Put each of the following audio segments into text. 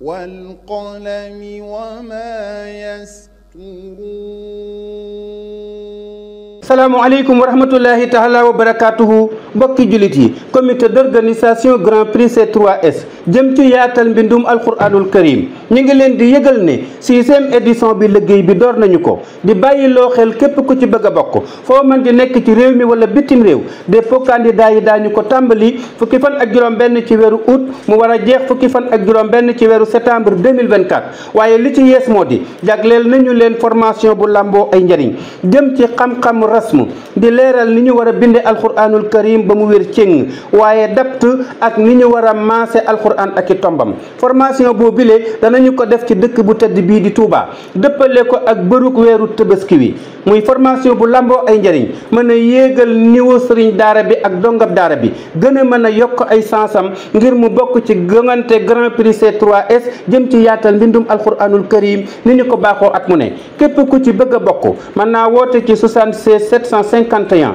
والقلم وما يسطرون salaamaaleykum wa rahmatullahi taala wa barakaatuhu mbokki jullit yi comité d'organisation grand prix C3S jëm ci yaatal mbindum alquranul karim ñu ngi leen di yëgal ne sixième édition bi liggéey bi door nañu ko di bàyyi loo xel képp ku ci bëgg a bokk foo mën di nekk ci réew mi wala bitim réew dépôt candidat yi daañu ko tàmbali fukki fan ak juróom benn ci weeru août mu war a jeex fukki fan ak juróom benn ci weeru septembre 2024 waaye li ci yees moo di jagleel nañu leen formation bu làmboo ay njëriñ jëm ci xam-xam rasmu di leeral ni ñu war a binde alquranul karim ba mu wér cëng alquran ak i tombam formation boobu bile danañu ko def ci dëkk bu tedd bii di Touba dëppale ko ak bëru weeru tëbaski wi muy formation bu lamboo ay njëriñ mën a yéegal niveau sëriñ daara bi ak dongab daara bi gën a mën a yokk ay sansam ngir mu bokk ci gëngante grand prix C3S jëm ci yaatal mbindum alquranul karim ni ñu ko baaxoo ak mu ne képp ku ci bëgg a bokk mën naa woote ci 76 yan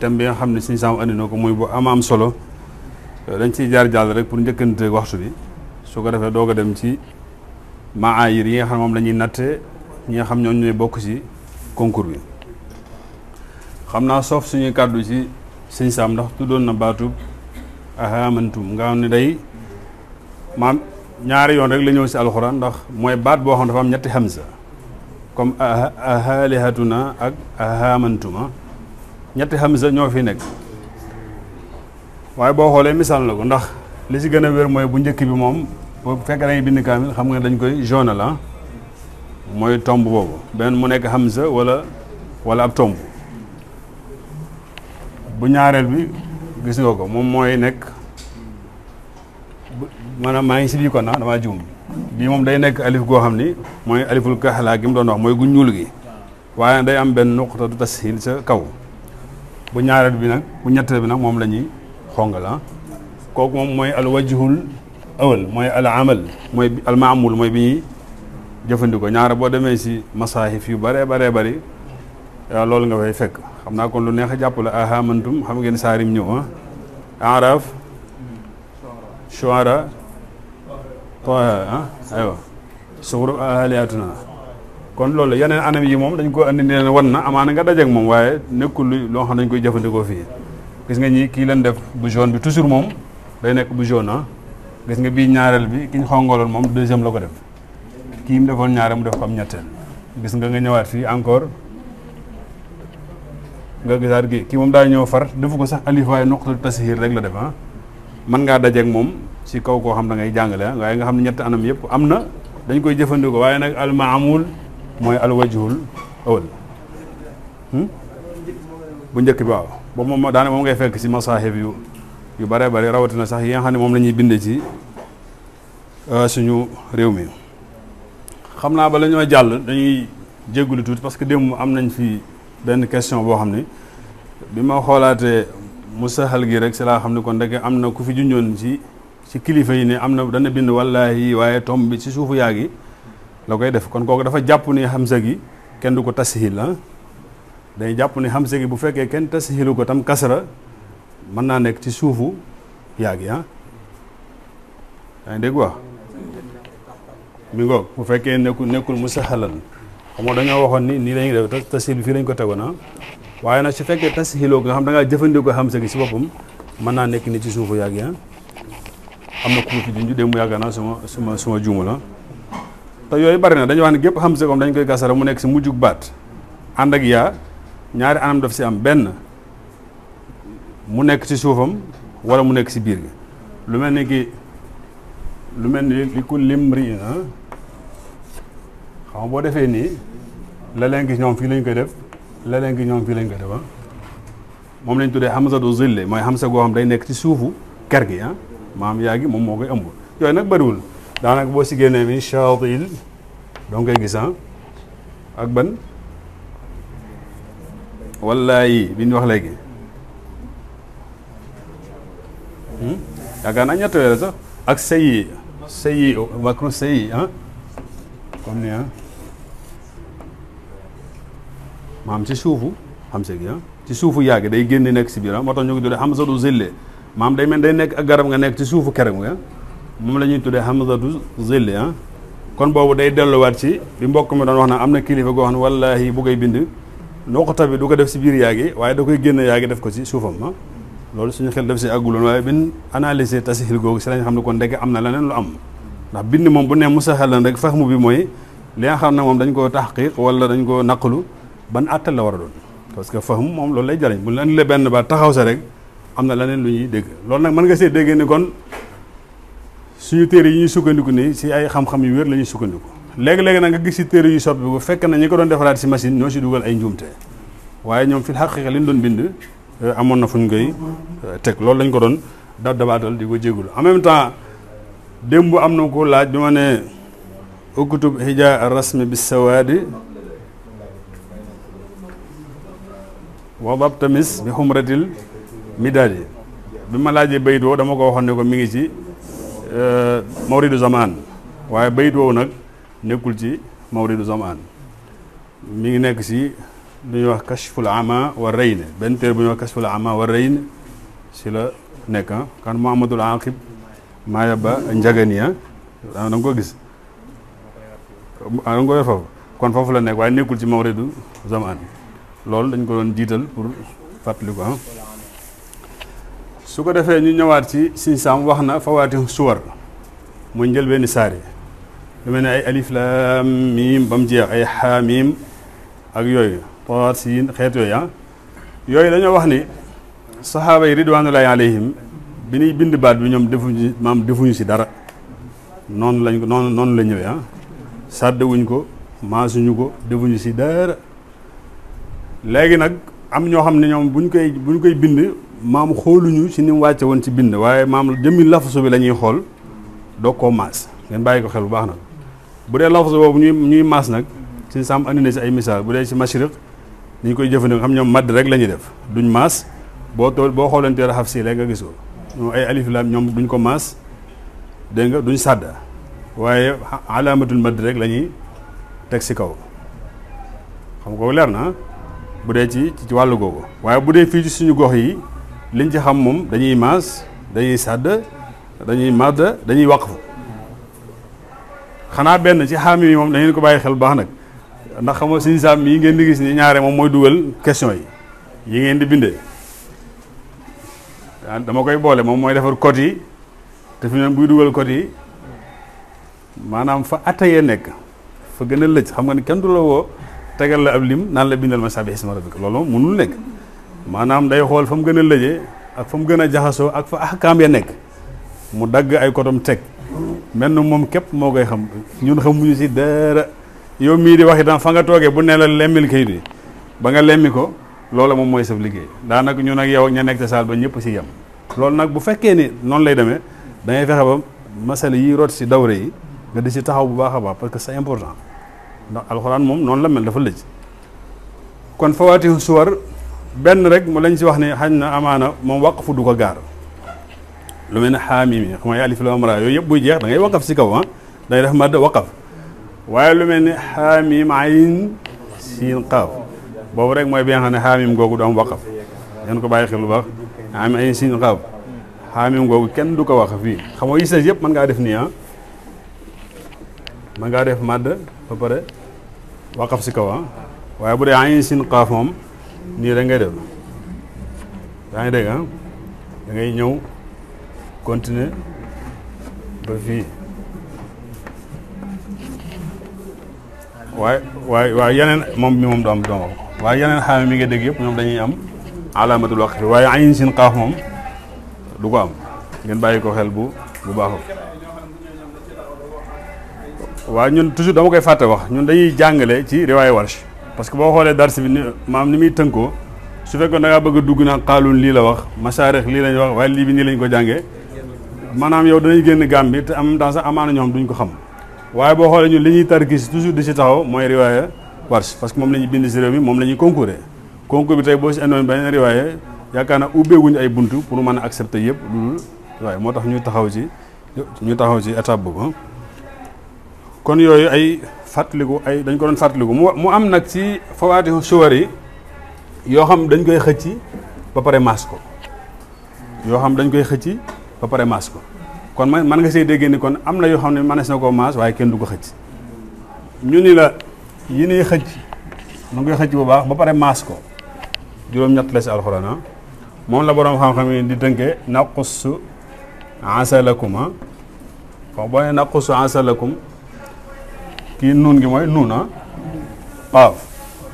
thème bi nga xam ne suñu sàmm andi na ko muy bu am am solo euh, dañ ciy jaar jàll rek pour njëkkante waxtu bi su ko defee doog a dem ci maayir yi nga xam moom lañuy natte ñi nga xam ñooñu ñooy bokk ci concours bi xam naa soof suñuy kàddu ci suñu sàmm ndax tuddoon na baatub ahamantum nga xam ne day maam ñaari yoon rek la ñëw ci alxuraan ndax mooy baat boo xam dafa am ñetti hamza comme ahalihatuna ak ahamantuma ñetti xam hamza ñoo fi nekk waaye boo xoolee misaal la ko ndax li si gën a wér mooy bu njëkk bi moom bu fekkee da ngay bind kaamil xam nga dañ koy jaune la mooy tomb boobu benn mu nekk hamza wala wala ab tomb bu ñaareel bi gis nga ko moom mooy nekk maanaam maa ngi si bii kon na ah, damaa juum bii moom day nekk alif goo xam ni mooy aliful kaxlaa gi mu doon wax mooy gu ñuul gi waaye day am benn nuqta du tas hiil sa kaw bu ñaareel bi nag bu ñetteel bi nag moom lañuy ñuy ah. kooku moom mooy al wajhul awal mooy al mooy al maamul mooy bi ñuy jëfandikoo ñaare boo demee si masaahif yu bare bare bari loolu nga fay fekk xam naa kon lu neex a jàpp la aha mantum xam ngeen saarim ñëw ah araf shuara toha ah aywa suxru kon loolu yeneen anam yi moom dañ ko andi ne leen wan na amaana nga dajeek moom waaye nekkul lu loo xam dañ koy jëfandikoo fii gis nga ñi kii leen def bu jaune bi toujours moom day nekk bu jaune ah gis nga bii ñaareel bi ki ñu xongoloon moom deuxième la ko def kii mu defoon ñaareel mu def ko am ñetteel gis nga nga ñëwaat fii encore nga gisaat gi kii moom daa ñëw far defu ko sax alifaay nuqtal tasxiir rek la def ah mën ngaa dajeek moom si kaw koo xam da ngay jàngale ah. waaye nga xam ne ñetti anam yëpp am na dañ koy jëfandikoo waaye nag almaamul mooy alwajhul awal hmm? bu njëkk bi waaw boobu moom daane moom ngay fekk si masaahib yu yu bare bare rawatina sax yi nga xam ne moom la ñuy binde ci euh, suñu réew mi xam naa ba la jàll dañuy jéggulu tuuti parce que démb am nañ fi benn question boo xam ni bi ma xoolaate mu saxal gi rek si laa xam ne kon ndeke am na ku fi junjoon ci ci kilifa yi ne am na dana bind wallaahi waaye tomb bi ci suufu yaa gi la koy def kon kooku dafa jàpp ni hamza gi kenn du ko tashil la ah. day jàpp ni hamza gi bu fekkee kenn tashilu ko tam kasra mën naa nekk ci suufu yaa gi ah yaa ngi dégg wax mi ngoog bu fekkee nekkul nekkul musahalan xam nga dañoo waxoon ni nii lañuy def tashil bi fii lañ ko tegoon ah waaye nag su fekkee tashiloo ko nga xam da ngaa jëfandikoo hamza gi si boppam mën naa nekk ni ci suufu yaa gi ah. na ku ma fi junj démb yaakaar naa suma suma suma la te yooyu bari na dañuy wax ne gépp hamza comme dañ koy kasara mu nekk si mujjug baat ànd ak yaa ñaari anam daf si am benn mu nekk ci suufam wala mu nekk ci biir gi lu mel ni ki lu mel ni li ku lim ri ah, xam nga boo defee nii la leen gis ñoom fii lañ koy def la leen gis ñoom fii lañ koy def ah. moom lañ tuddee hamza du zille mooy hamza goo xam day nekk ci suufu ker gi ah maam yaa gi moom moo koy ëmb yooyu nag bariwul daanaka boo si génnee mi chaatil doo ngay gis ah. ak ban wallaay bi ñu wax léegi hmm? yaakaar naa ñett yooyu sax ak sayi sayi macron sayi ah, ah. maam ci suufu xam se gi ah ci suufu yàgg day génn nekk si biiram ah moo tax ñu ngi tuddee xam sadu zille maam day mel day nekk ak garab nga nekk ci suufu kerem nga ah. moom la ñuy tuddee hamzatu zilli ah kon boobu day delluwaat ci bi mbokk mi doon wax na am na kilifa goo xam ne wallaahi bu koy bind noqta bi du ko def si biir yaa gi waaye da koy génn yaa gi def ko si suufam ah loolu suñu xel def si àgguloon waaye bin analyser tasihil googu si lañ xam ne kon ndekk am na leneen lu am ndax bind moom bu ne musahalan rek fahmu bi mooy li nga xam ne moom dañ koo taxqiq wala dañ koo naqalu ban àttal la war a doon parce que fahmu moom loolu lay jariñ bu leen le benn ba taxaw sa rek am na leneen lu ñuy dégg suñu téere yi ñuy sukkandiku ni si ay xam-xam yu wér lañuy sukkandiku léegi-léegi nag nga gis si téere yu soppi bu fekk na ñi ko doon defaraat si machine ñoo si dugal ay njuumte waaye ñoom fi xaqiqa li ñu doon bind euh, amoon na fu ñu euh, teg loolu lañ ko doon dab di ko jégul en même démb am na ko laaj bi ma ne uktub hija rasmi bi sawaadi wa dab tamis bi xumratil midaadi bi ma laaj bayit woo dama ko waxoon ne ko mi ngi ci Euh, mawridu zamaan waaye bayit woowu nag nekkul ci mawridu zamaan mi ngi nekk si lu ñuy wax kashful ama wa rayn benn téere bu ñuy wax kashful ama wa rayn si la nekk ah. kan muhammadul aqib maaya ba njaganiya ah. ah, da ko gis da nga ko yor kon foofu la nekk waaye nekkul ci mawridu zamaan loolu dañ ko doon jiital pour fàttali ko su ko defee ñu ñëwaat si siñ saam wax na fawaatihu suwar muy njëlbeeni saar yi lu mel ne ay alif laam miim ba mu jeex ay xaa ak yooyu taat xeeto xeet yooyu ah dañoo wax ni saxaaba yi ridwanullahi alayhim bi ñuy bind baat bi ñoom defu defuñu maam defuñu si dara noonu lañ ko noonu noonu la ñëwee ah sàddewuñ ko maasuñu ko defuñu si dara léegi nag am ñoo xam ne ñoom buñ koy buñ koy bind maam xooluñu ci ni mu wàcce woon ci bind waaye maam jëmmi lafasu bi la ñuy xool doog koo maas ngeen bàyyi ko xel bu baax nag bu dee lafasu boobu ñuy ñuy maas nag suñu sàmm andi na ay misaal bu dee ci mashriq ni ñu koy jëfandikoo xam ñoom madd rek la ñuy def duñ maas boo tool boo xoolantee raxaf si rek nga gis ko ñoom ay alif laam ñoom ko maas dégg nga duñ sàdda waaye alaamatul madd rek la ñuy teg si kaw xam ko leer na bu dee ci ci wàll googu waaye bu dee fii ci suñu gox yi liñ ci xam moom dañuy maas dañuy sàdd dañuy màdd dañuy wàqfu xanaa benn ci xam yi moom dañu ko bàyyi xel baax nag ndax xam nga suñu saam yi ngeen di gis ni ñaare moom mooy dugal question yi yi ngeen di bindee ah, dama koy boole moom mooy defar code yi te fi neen buy dugal code yi maanaam fa attayee nekk fa gën a lëj xam nga ni kenn du la tegal la ab lim naan la bindal ma sàbbi isma rabbika loolu moom mënul nekk maanaam day xool fa mu gën a lëjee ak fa mu gën a jaxasoo ak fa ahkaam ya nekk mu dagg ay kotom teg mel na moom képp moo koy xam ñun xamuñu si dara yow mii di wax itam fa nga toogee bu ne la lemmil kayit yi ba nga lemmi ko loola moom mooy saf liggéey daanaka ñun ak yow ña nekk te saal ba ñëpp si yem loolu nag bu fekkee ni noonu lay demee dangay fexe ba masala yi root si dawre yi nga di si taxaw bu baax a baax parce que c'est important ndax alxuraan moom noonu la mel dafa lëj kon benn rek mu lañ si wax ne xañ na amaana moom waqfu du ko gaar lu mel ni xaamim yi xam nga alif laam ra yooyu yëpp buy jeex da ngay waqaf si kaw ah day def mad waqaf waaye lu mel ne xaamim ayn siin qaaf boobu rek mooy bi xam ne xaamim googu du am waqaf ngeen ko bàyyi xel lu baax am ayn siin kenn du ko waqaf fii xam nga yëpp mën ngaa def nii ah mën ngaa def mad ba pare waqaf si kaw ah waaye bu dee ayn siin qaaf moom nii rek ngay def yaa ngi dégg ah da ngay ñëw continue ba fii waaye waaye waaye yeneen moom mi moom du am doom waaye yeneen xaame mi nga dégg yëpp ñoom dañuy am alaamatul waqfi waaye ayin sin xaaf moom du ko am ngeen bàyyi ko xel bu bu baax waaw ñun toujours dama koy fàtte wax ñun dañuy jàngale ci riwaayu Warsh parce que boo xoolee dars bi ni maam ni muy tënkoo su fekkoon da ngaa bëgg a dugg naa xaaluun lii la wax masaarix lii lañ wax waaye lii bi nii lañ ko jàngee maanaam yow danañ génn gàm bi te am même temps sax amaana ñoo xam duñ ko xam waaye boo xoolee ñun li ñuy tarkis toujours di si taxaw mooy riwaaya warsh parce que moom la ñuy bind si réew mi moom la ñuy concouré concours bi tey boo si andoon beneen riwaaya yaakaar naa ubbeeguñu ay buntu pour mën a accepter yëpp loolu waaye moo tax ñu taxaw ci ñu taxaw ci étape boobu kon yooyu ay fàttaliku ay dañ ko doon fàttaliku mu am nag si fawaatihu suwar yoo xam dañ koy xëcc ba pare maas ko yoo xam dañ koy xëcci ba pare ko kon man man nga see déggee ni kon am na yoo xam ne manees na koo maas waaye kenn du ko xëcc ñu ni la yi nuy xëcc nu koy xëcc bu baax ba pare maas ko juróom-ñett la si alxuraan ah. moom la boroom xam-xam yi di tënkee naqussu asalakuma boo nee naqussu asalakum kii nuun gi mooy nuun ah qaaf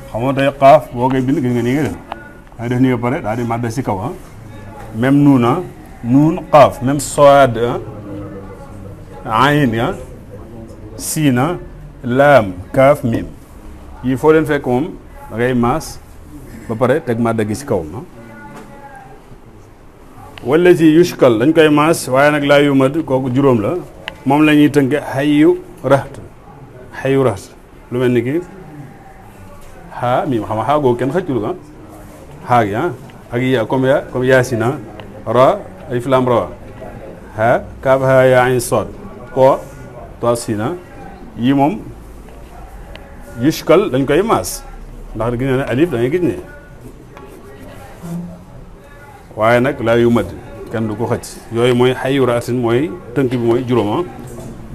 xam nga tey qaaf boo bind gis nga nii nga def dangay def nii ba pare daal di màdd si kaw ah même nuun ah nuun qaaf même soad ah ayn ah. laam kaaf miim yii foo leen fekk moom da maas ba pare teg màdd gi si kawam ah. wala si yushkal dañ koy maas waaye nag laa yu kooku juróom la moom la ñuy tënke hayyu xayuraat lu mel ni ki xaa miim xam nga xaa googu kenn xëccul ko xaa gi ah. ak ya comme ya yaasina ah. ra alif laam ra xaa kaaf yaa ayn sood koo to sina ah. yi moom yushkal dañ koy maas ndax gis ne alif da gis ne waaye nag laa yu mat kenn du ko xëcc yooyu mooy xayuraatin mooy tënk bi mooy juróoma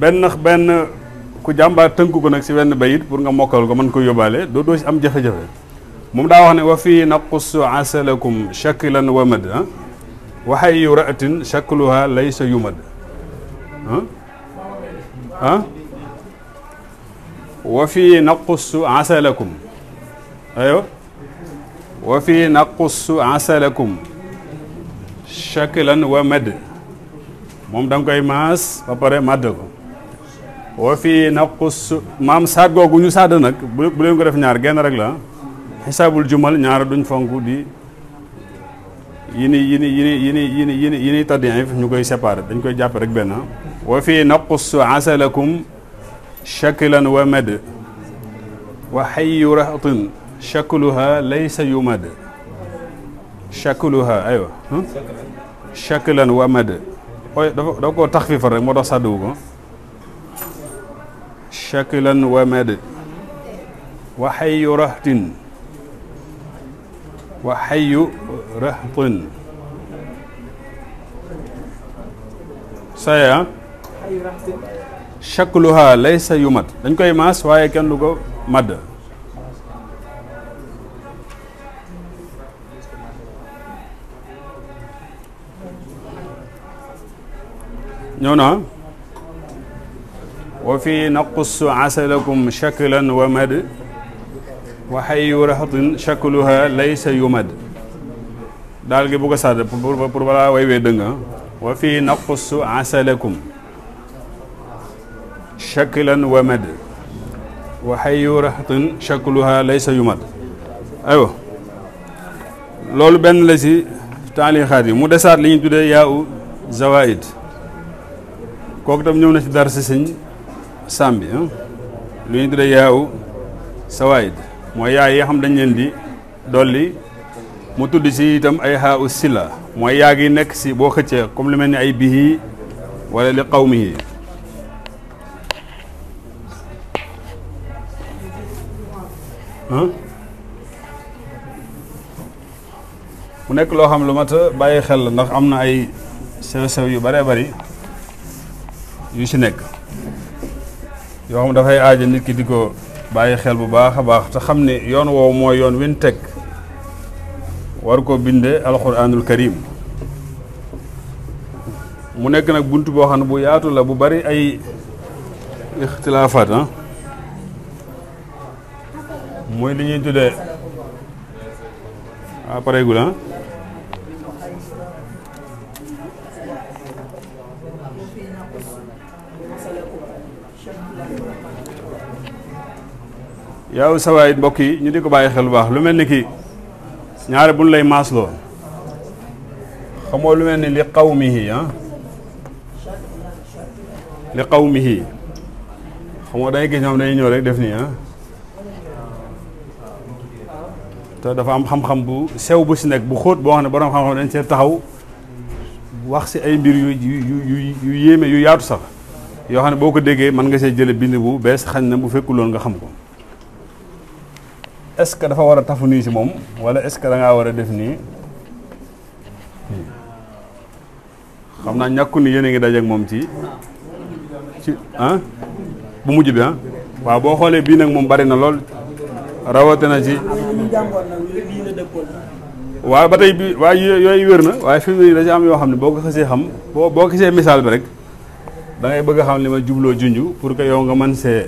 benn benn ku jàmbaar tënku ko nag si wenn bayit pour nga mokkal ko mën ko yóbbaale doo doo si am jafe-jafe moom daa wax ne wa fii naqussu asalakum shaklan wa mad ah, waxay yu raatin shakluha laysa yumad ah, ah wa fii naqussu asalakum ayo wa fii moom da koy maas ba pare màdd ko wa fii naqus maam saat googu ñu saada nag bu leen ko def ñaar genn rek la xisaabul jumal ñaar duñ fonk di yi ni yi ni yi ni yi ñu koy séparé dañ koy jàpp rek benn wa fii naqus asalakum shaklan wa mad wa xayu raxtin shakluha laysa yumad shakluha aywa shaklan wa mad ooy dafa ko taxfifal rek moo tax sàdduwu ko shakilan wa shakluha laysa yu mat dañ koy maas waaye kenn du ko madd ñëw na wa fii naqussu asalakum shaklan wa mad wa xayu raxatin shakluha laysa yumad daal gi bu ko sàdd pour balaa way wee dënga ah. wa fii naqussu asalakum shaklan wa mad wa xayu raxatin shakluha laysa yumad aywa loolu benn la ci taalixaat yi mu desaat li ñu tuddee yaa u zawaid kooku tam ñëw na ci dar si sëñ sàmbi lu ñu tuddee yaawu sawaayid mooy yaay yi xam dañ leen di dolli mu tudd si itam ay xaawu sila mooy yaag yi nekk si boo xëccee comme lu mel ni ay bihi wala li mi yi mu nekk loo xam lu mat a bàyyi xel ndax am na ay sew-sew yu bare bari yu ci nekk yoo xam dafay aaja nit di ko bàyyi xel bu baax a baax te xam ne yoon woowu mooy yoon win teg war ko binde alxuraanul karim mu nekk nag bunt boo xam ne bu yaatu la bu bari ay ixtilaafaat ah mooy li ñuy tuddee ah pareegul ah yow sawaay mbokk yi ñu di ko bàyyi xel bu baax lu mel ni ki ñaare buñ lay maasloo xamoo lu mel ni li qawmihi ah li qawmihi xamoo day gis ñoom dañuy ñëw rek def nii ah te dafa am xam-xam bu sew bu si nekk bu xóot boo xam ne borom xam-xam dañ see taxaw wax si ay mbir yu yu yu yéeme yu yaatu sax yoo xam ne boo ko déggee mën nga see jële bind bu bees xañ na bu fekkuloon nga xam ko est-ce que dafa war a tafu nii si moom wala est-ce que war a def nii xam naa ñàkku ni yéen a ngi dajeeg moom ci ci ah bu mujj bi ah waaw boo xoolee bii nag moom bari na lool rawate na ci waaw ba tey bii waaye yooyu wér na waaye fi mu da ci am yoo xam ne boo ko xasee xam boo boo gisee misaal bi rek da bëgg a xam li ma jubloo junj pour que yow nga mën see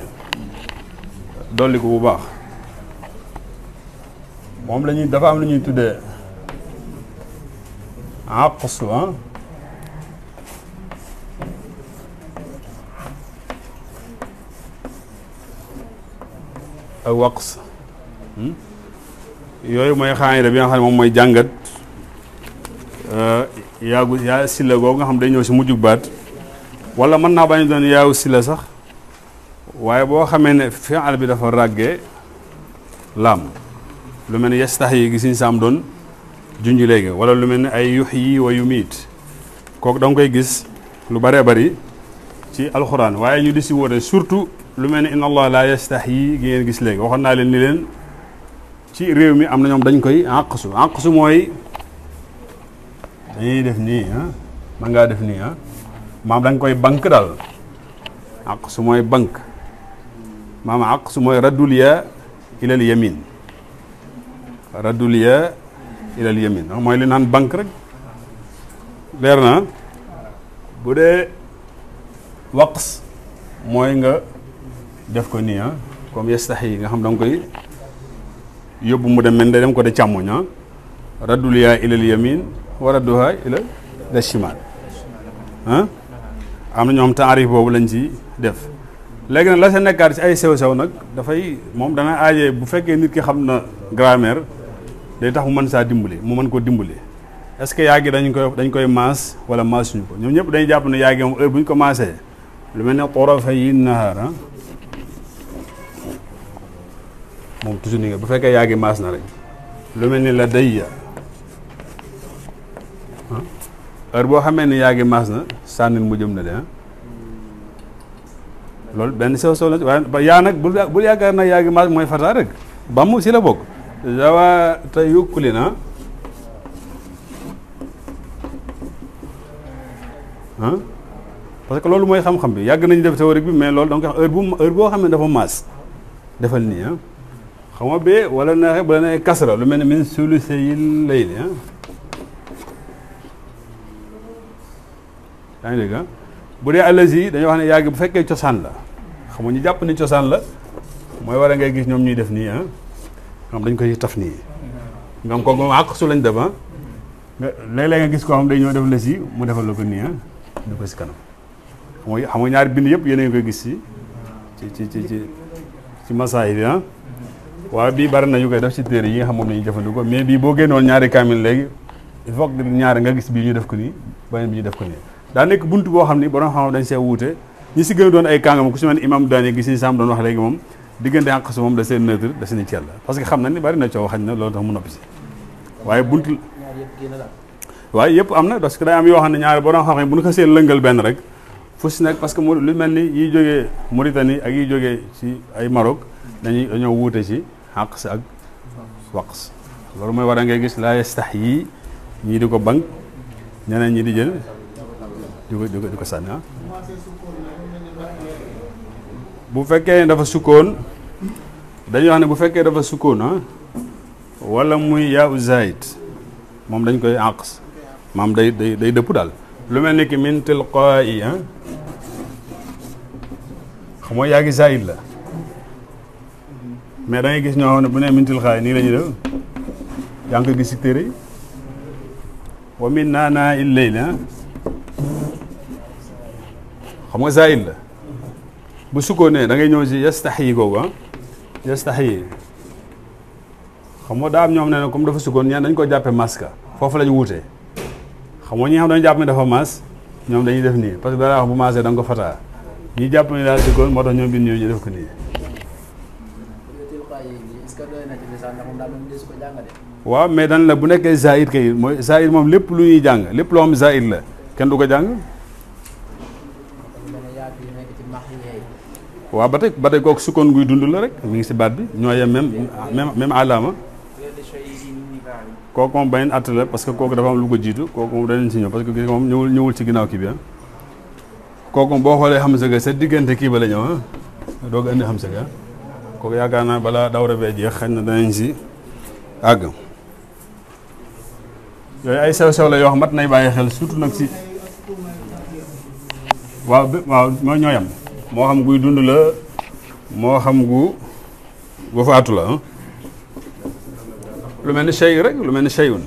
dolli ko bu baax moom lañuy dafa am lu ñuy tuddee aqsu ah ak waqs hmm. yooyu mooy xaayida bi nga xam ne moom mooy jàngat eh, yaagu yaa silla googu nga xam day ñëw si mujjug baat wala mën naa bañ doon yaawu silla sax waaye boo xamee ne fi'al bi dafa ràggee laam lu mel ni yastaxyi gis siñ saam doon junj léegi wala lu mel ni ay yux yi wa yu miit kooku da koy gis lu bëree bari ci alxuraan waaye ñu di si woote surtout lu mel ni inna allah la yi gi ngeen gis léegi waxoon naa leen ni leen ci réew mi am na ñoom dañ koy su àqsu su mooy dañuy def nii ah ngaa def nii ah maam da koy bank daal àqsu mooy bank maam àqsu mooy raddul ya ilal yamin radul ya ilal yamin mooy li naan banque rek leer na bu dee waqs mooy nga def ko nii ah comme yestax yi nga xam da nga koy yóbbu mu dem mel day dem ko de càmmoñ ah radul ya ilal yamin wa radduha ila la ah. am na ñoom taarif boobu lañ ci def léegi la sa nekkaat ci ay sew-sew nag dafay moom danga aajee bu fekkee nit ki xam na grammaire day tax mu man saa dimbali mu mën koo dimbali est-ce que yaa gi dañ koy dañ koy maas wala maasuñu ko ñoom ñëpp dañuy jàpp ne yaa gi moom heure bu lu mel ne tarafay nahaar ah, moom toujours ni nga bu fekkee yaa gi maas na rek lu mel ni la dayya ah, heure boo xamee ne yaa maas na sànnin mu jëm na de ah. loolu benn sew sew la waaye yaa nag bul yaakaar nag yaa gi maas mooy fataa rek bàmm si la bokk zawaata yukkuli na parce que loolu mooy xam-xam bi yàgg nañu def théorique bi mais loolu donc heure bu heure boo xam ne dafa maas defal nii ah xam nga bee wala neexee bu la lu mel ne min suluse yi lay li ngi dégg bu dee àllasi yi wax ne yàgg bu fekkee cosaan la xam ñu jàpp ni cosaan la mooy war ngay gis ñoom ñuy def nii xam dañ koy taf nii ñoom moom àq su lañ def ah. léeg-léeg nga gis koo xam day ñëw def si mu defal la ko nii ah. du ko si kanam mooy xam nga yëpp yéen a ngi gis si ci ci ci ci ci masaay bi ah. waaw bii bari na ñu koy def ci téere yi nga xam moom la ñuy jëfandikoo mais bii boo génnoon ñaari kaamil léegi il faut ñaari nga gis bii ñu def ko nii beneen bi ñu def ko nii. daa nekk bunt boo xam ni borom xam dañ see wuute ñi si gën a doon ay kàngam ku si mel imam Daane gi si sam doon wax léegi moom diggante ànqasu moom da seen neutre da seen la parce que xam na ni bari na coow xañ na loolu tax mu noppi si waaye bunt waaye yëpp am na parce que day am yoo xam ne ñaari borom xam-xam bu ñu ko seen lëngal benn si nekk parce que mu lu mel ni yiy jógee Mauritanie ak yiy jógee ci ay Maroc dañuy dañoo wuute ci ànqas ak waqs mooy war a ngay gis laa yestax yii ñii di ko bank ñeneen ñi di jël di ko di ko sànni ah. bu fekkee ne dafa sukkoon dañuy wax ne bu fekkee dafa sukkoon ah wala muy yaaw zaid moom dañ koy àqs maam day day day dëpp daal lu mel ni ki min tilqaa'i ah, xam nga yaa ngi zaid la mais da gis ñoo xam ne bu nee min tilqaa'i nii la ñuy def yaa ngi koy gis si téere yi wa min naanaa ah, xam nga zaid la bu sukkoonee da ngay ñëw si yastaxyi googu ah yastaxyi xam nga daa am ñoom ne comme dafa sukkoon ñaan dañ ko jàppee maska foofu la ñu wuutee xam nga ñi xam dañu jàpp ne dafa maas ñoom dañuy def nii parce que dara wax bu maasee da nga ko fataa ñi jàpp ne daal sukkoon moo tax ñoom bi ñëw ñu def ko nii waaw mais dañ la bu nekkee zaïd kay mooy zaïd moom lépp lu ñuy jàng lépp loo xam zaïd la kenn du ko jàng waaw ba tey ba tey kooku sukkoon guy dund la rek mi ngi si baat bi ñoo yem même même même alaama kooku moom beneen àtt la parce que kooku dafa am lu ko jiitu kooku moom danañ si ñëw parce que gis moom ñëwul ñëwul ci ginnaaw kii bi ah. kooku boo xoolee xam sa ga sa diggante kii ba la ñëw ah doog a xam sa ah. kooku yaakaar naa balaa daw bee jeex xañ na danañ si àgg yooyu ay sew-sew la yoo xam mat nay bàyyi xel surtout nag si waaw waaw ñoo ñoo yem moo xam guy dund la moo xam gu gu faatu la lu mel ni shay rek lu mel ni shayun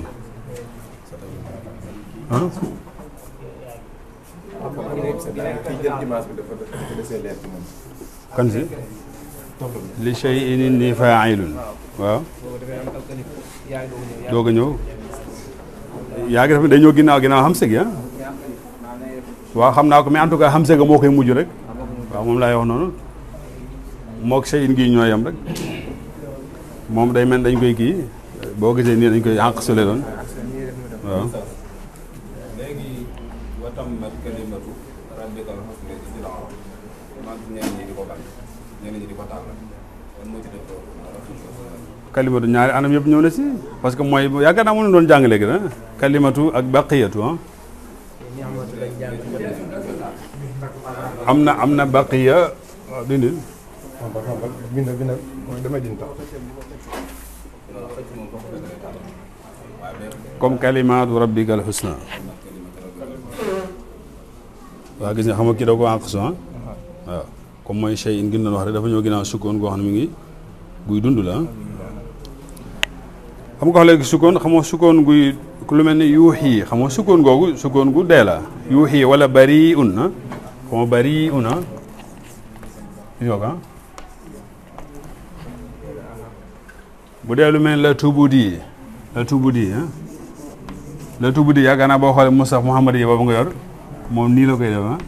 kan si li shay in inni faailun waaw doog a ñëw yaa ngi def day ñëw ginnaaw ginnaaw xam sëg ya waaw xam naa ko mais en xam sëg moo koy mujj rek waaw moom laay wax noonu moog sayin gi ñoo yem rek moom day mel dañ koy kii boo gisee nii dañ koy àq sole doon waaw kalimatu ñaari anam yëpp ñëw na si parce que mooy yaakaar naa moom la doon jàng léegi na ah. kalimatu ak baqiyatu ah am na am na baqiya dindi bindal xam nga ko àq ah. mooy shay in gën dafa ñëw ginnaaw sukkoon goo ne mi ngi guy dund la ah. xam sukkoon xamoo sukkoon guy lu mel ni yuux yi xamoo sukkoon googu sukkoon gu dee la yuux yi wala bari un ah. هو بريء يوغا بدل من لا تبودي لا تبودي ها la tubu di ah. yaakaar naa boo xoolee Moussa Mouhamad yi boobu nga yor moom nii la koy def ah.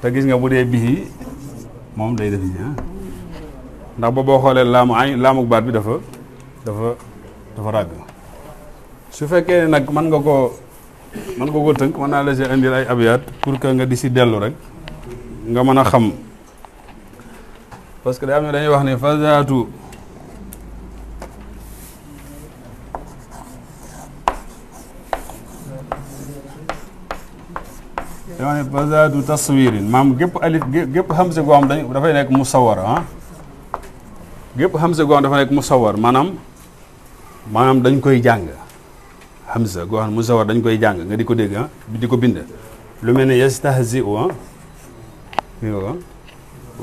te gis nga bu dee bii moom de def nii ah. ndax ba boo xoolee laamu ay laamu baat bi dafa dafa dafa ràgg su fekkee nag mën nga koo man ko ko tënk mën naa la si indil ay abiyat pour que nga di si dellu rek nga mën a xam parce que daa am ne dañuy wax ne fazaatu dañuy wax ne fazaatu taswirin maam gépp alif gépp xam si goo xam dañ dafay nekk musawar ah gépp xam si goo xam dafa nekk musawar maanaam maanaam dañ koy jàng hamza goo ne musawar dañ koy jàng nga di ko dégg ah, di ko bind lu mel ne yastahzi u ah dégg nga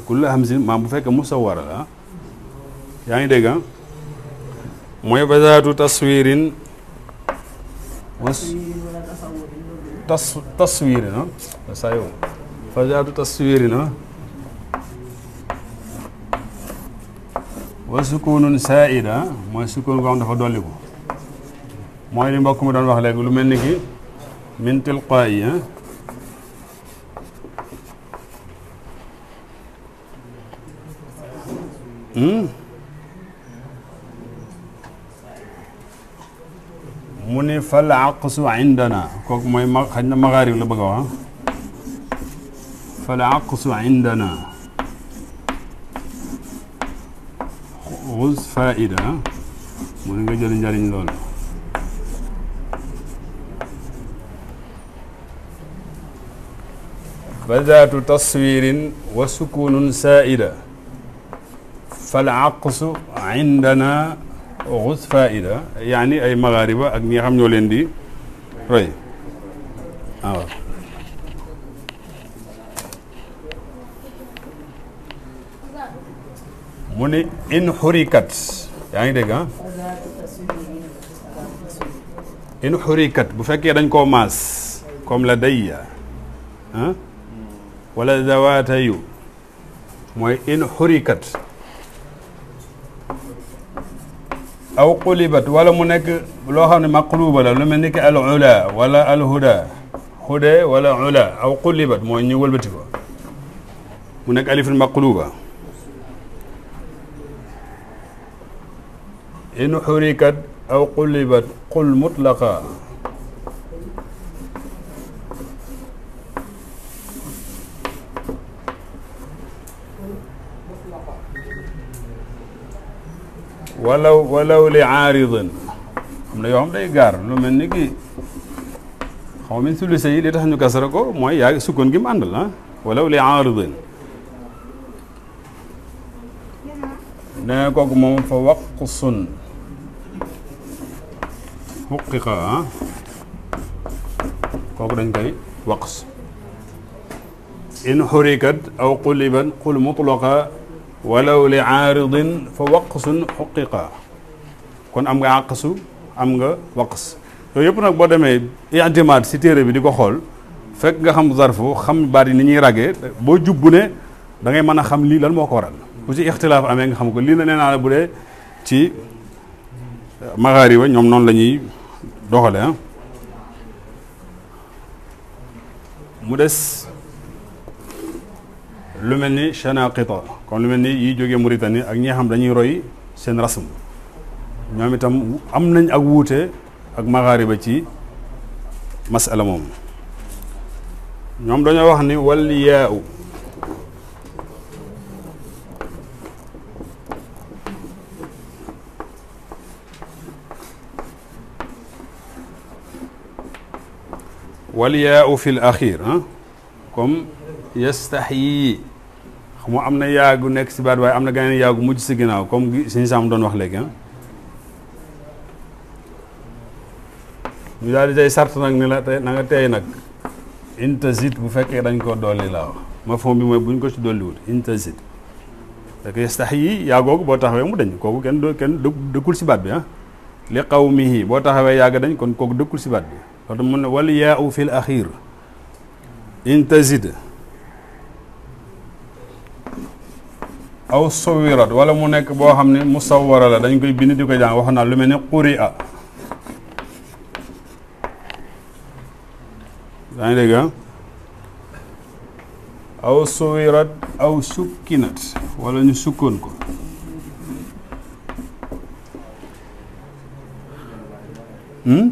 ko maam bu fekkee musawar la ah, yaa ngi dégg ah mooy bazaatu taswirin was tas taswirin ah saa ah, mooy sukun goo xam dafa dolliku mooy li mbokk mi doon wax léegi lu mel ni ki min tilqaa'i ah. hmm? mu ni fal aqsu indana kooku mooy ma xaj na magaarib la bëgg a wax ah. fal aqsu indana xuz faida ah. mu ni nga jël njariñ loolu fadaatu taswirin wa sukunun saida fal aqsu indana xus faida yaani ay magaariba ak ñi nga xam ñoo leen di roy waaw mu ni in xurikat yaa ngi dégg ah in xurikat bu fekkee dañ koo maas comme la dayya ah wala zawaata yu mooy in xurikat aw qulibat wala mu nekk loo xam ne maqluba la lu mel ni ki al ula wala al huda xude wala ula aw qulibat mooy ñu wëlbati ko mu nekk alifin maqluba in xurikat aw qulibat qul mutlaqa walaw walaw li aaridin am na yoo xam day lu mel ni kii xaw min sulisa yi li tax ñu kasara mooy yaa sukkoon gi mu wala ah walaw li aaridin nee kooku moom fa waqsun xuqiqa ah kooku dañ koy waqs in xurikat aw quliban qul mutlaqa walaw li aaridin fa waqsun xuqiqa kon am nga àqsu am nga waqs yooyu yëpp nag boo demee i'timaad si téere bi di ko xool fekk nga xam zarfu xam baat yi ni ñuy ràggee boo jub bu ne da ngay mën a xam lii lan moo ko waral bu ci ixtilaaf amee nga xam ko lii na nee naa la bu dee ci euh, magaariba ñoom noonu la ñuy doxale ah. mu des lu mel ni chanaqita kon lu mel ni yiy jógee Mauritanie ak ñi xam dañuy roy seen rasm ñoom itam am nañ ak wuute ak maxaariba ci masala moom ñoom dañoo wax ni wal yaau fi l axir comme yastaxyi xam am na yaagu nekk si baat waaye am na geneen yaagu mujj si ginnaaw comme suñu sàmm doon wax léegi ah. ñu daal di tey sart nag ni la tey na nga tey nag intazit bu fekkee dañ ko dolli laa ma mafhum bi mooy buñ ko ci dolliwul intazit fekk yastax yi yaa googu boo taxawee mu dañ kooku kenn do kenn dëkkul si baat bi ah li qawmihi boo taxawee yàgg dañ kon kooku dëkkul si baat bi loolu mun ne wal yaa u fil axiir intazit aw sawirat wala mu nekk boo xam ne musawara la dañ koy bind di ko jàng wax naa lu mel ne quri a daa ngi dégg ah? aw sawirat aw sukkinat wala ñu sukkoon ko hmm?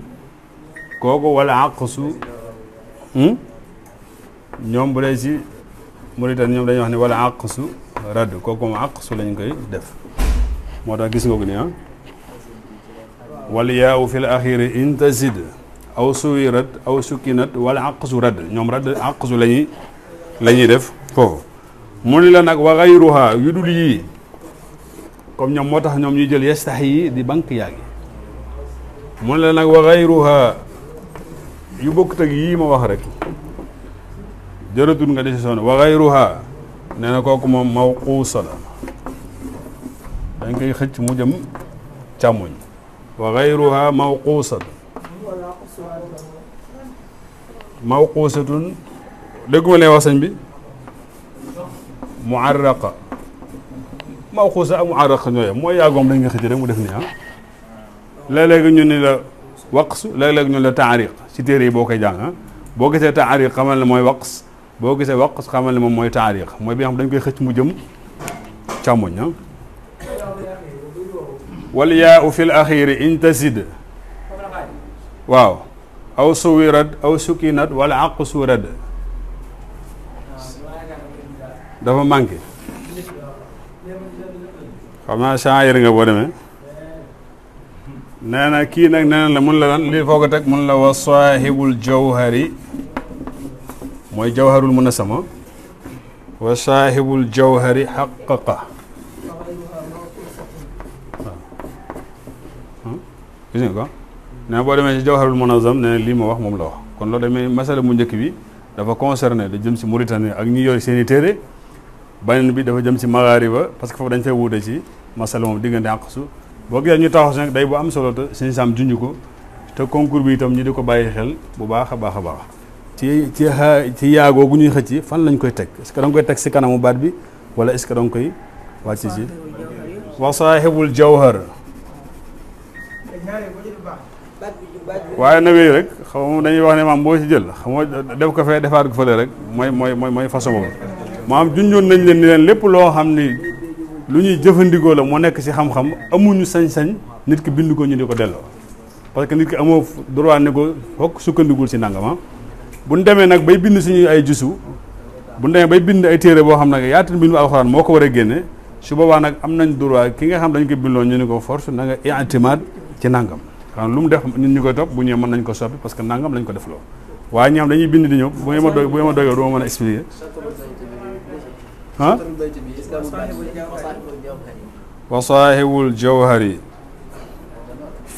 kooku wala àqsu hmm? ñoom bu dee ci Mauritanie ñoom dañuy wax ne wala àqsu radd kooku moom àq su lañ koy def moo tax gis nga ko ni ah wal yaaw fi l axiri in tazid aw suwirat aw sukkinat wala àq su radd ñoom radd àq su lañuy def foofu mu ni la nag wa xayruha yu dul yii comme ñoom moo tax ñoom ñuy jël yestax yi di banque yaa gi mu ne la nag wa xayruha yu bokkut ak yii ma wax rek jërëtul nga di si sonn wa xayruha nee na kooku moom mawquusa la dañ koy xëcc mu jëm càmmoñ wa gayruha mawquusatun mawquusatun dégguma ne wasañ bi mu muarraqa mawquusa ak muarraqa ñooyam mooy yàggoom dañ koy xëcc rek mu def nii ah léeg-léegi ñu ni la waqs léeg-léeg ñu ni la taariq ci téere yi boo koy jàng ah. boo gisee taariq xamal ne mooy waqs boo gisee waqf xamal ne moom mooy taariix mooy bi nga xam dañ koy xëcc mu jëm càmmoñ ah fi l axiri in waaw aw suwirat aw sukinat wala aqu surad dafa manqué xam naa shaayir nga boo demee nee kii nag nee na la mun la lan lii foog a teg mun la wa saahibul jawhari mooy jawarul jawharul munasama wa saahibul jawhari xaqaqa gis nga ko nee boo demee jawarul ci jawharul munazam nee lii ma wax moom la wax kon loo demee masala mu njëkk bi dafa concerné da jëm si Mauritanie ak ñi yooyu seen i téere beneen bi dafa jëm ci Maghariba parce que foofu dañ fay wuute ci masala moom diggante su boo gisee ñu taxaw si nag day bu am solo te Sëñ Sam junj ko te concours bi itam ñu di ko bàyyi xel bu baax a baax a baax ci ci ci yaagoo gu ñuy xëcc fan lañ koy teg est que da koy teg si kanamu baat bi wala est-ce que da nga koy wàcc ci wa saahibul jawhar waaye na rek xam nga dañuy wax ne maam boo ci jël xam nga def ko fee defaat ko fële rek mooy mooy mooy mooy façon boobu maam junjoon nañ leen ni leen lépp loo xam ni lu ñuy jëfandikoo la moo nekk si xam-xam amuñu sañ-sañ nit ki bind ko ñu di ko delloo parce que nit ki amoo droit ne ko fokk sukkandikul si nangama ah. bu ñu demee nag bay bind suñu ay jusu bu ñu demee bay bind ay téere boo xam ne yaatal mbindum alxuraan moo ko war a génne su boobaa nag am nañ droit ki nga xam dañ ko bindoon ñu ne ko force na nga ci nangam xam lu mu def ñun ñu koy topp bu ñëwee mën nañ ko soppi parce que nangam lañ ko def loolu waaye ñoom dañuy bind di ñëw bu ngeen ma doy bu ngeen ma doyoo du ma mën a expliquer ah wa saaxibul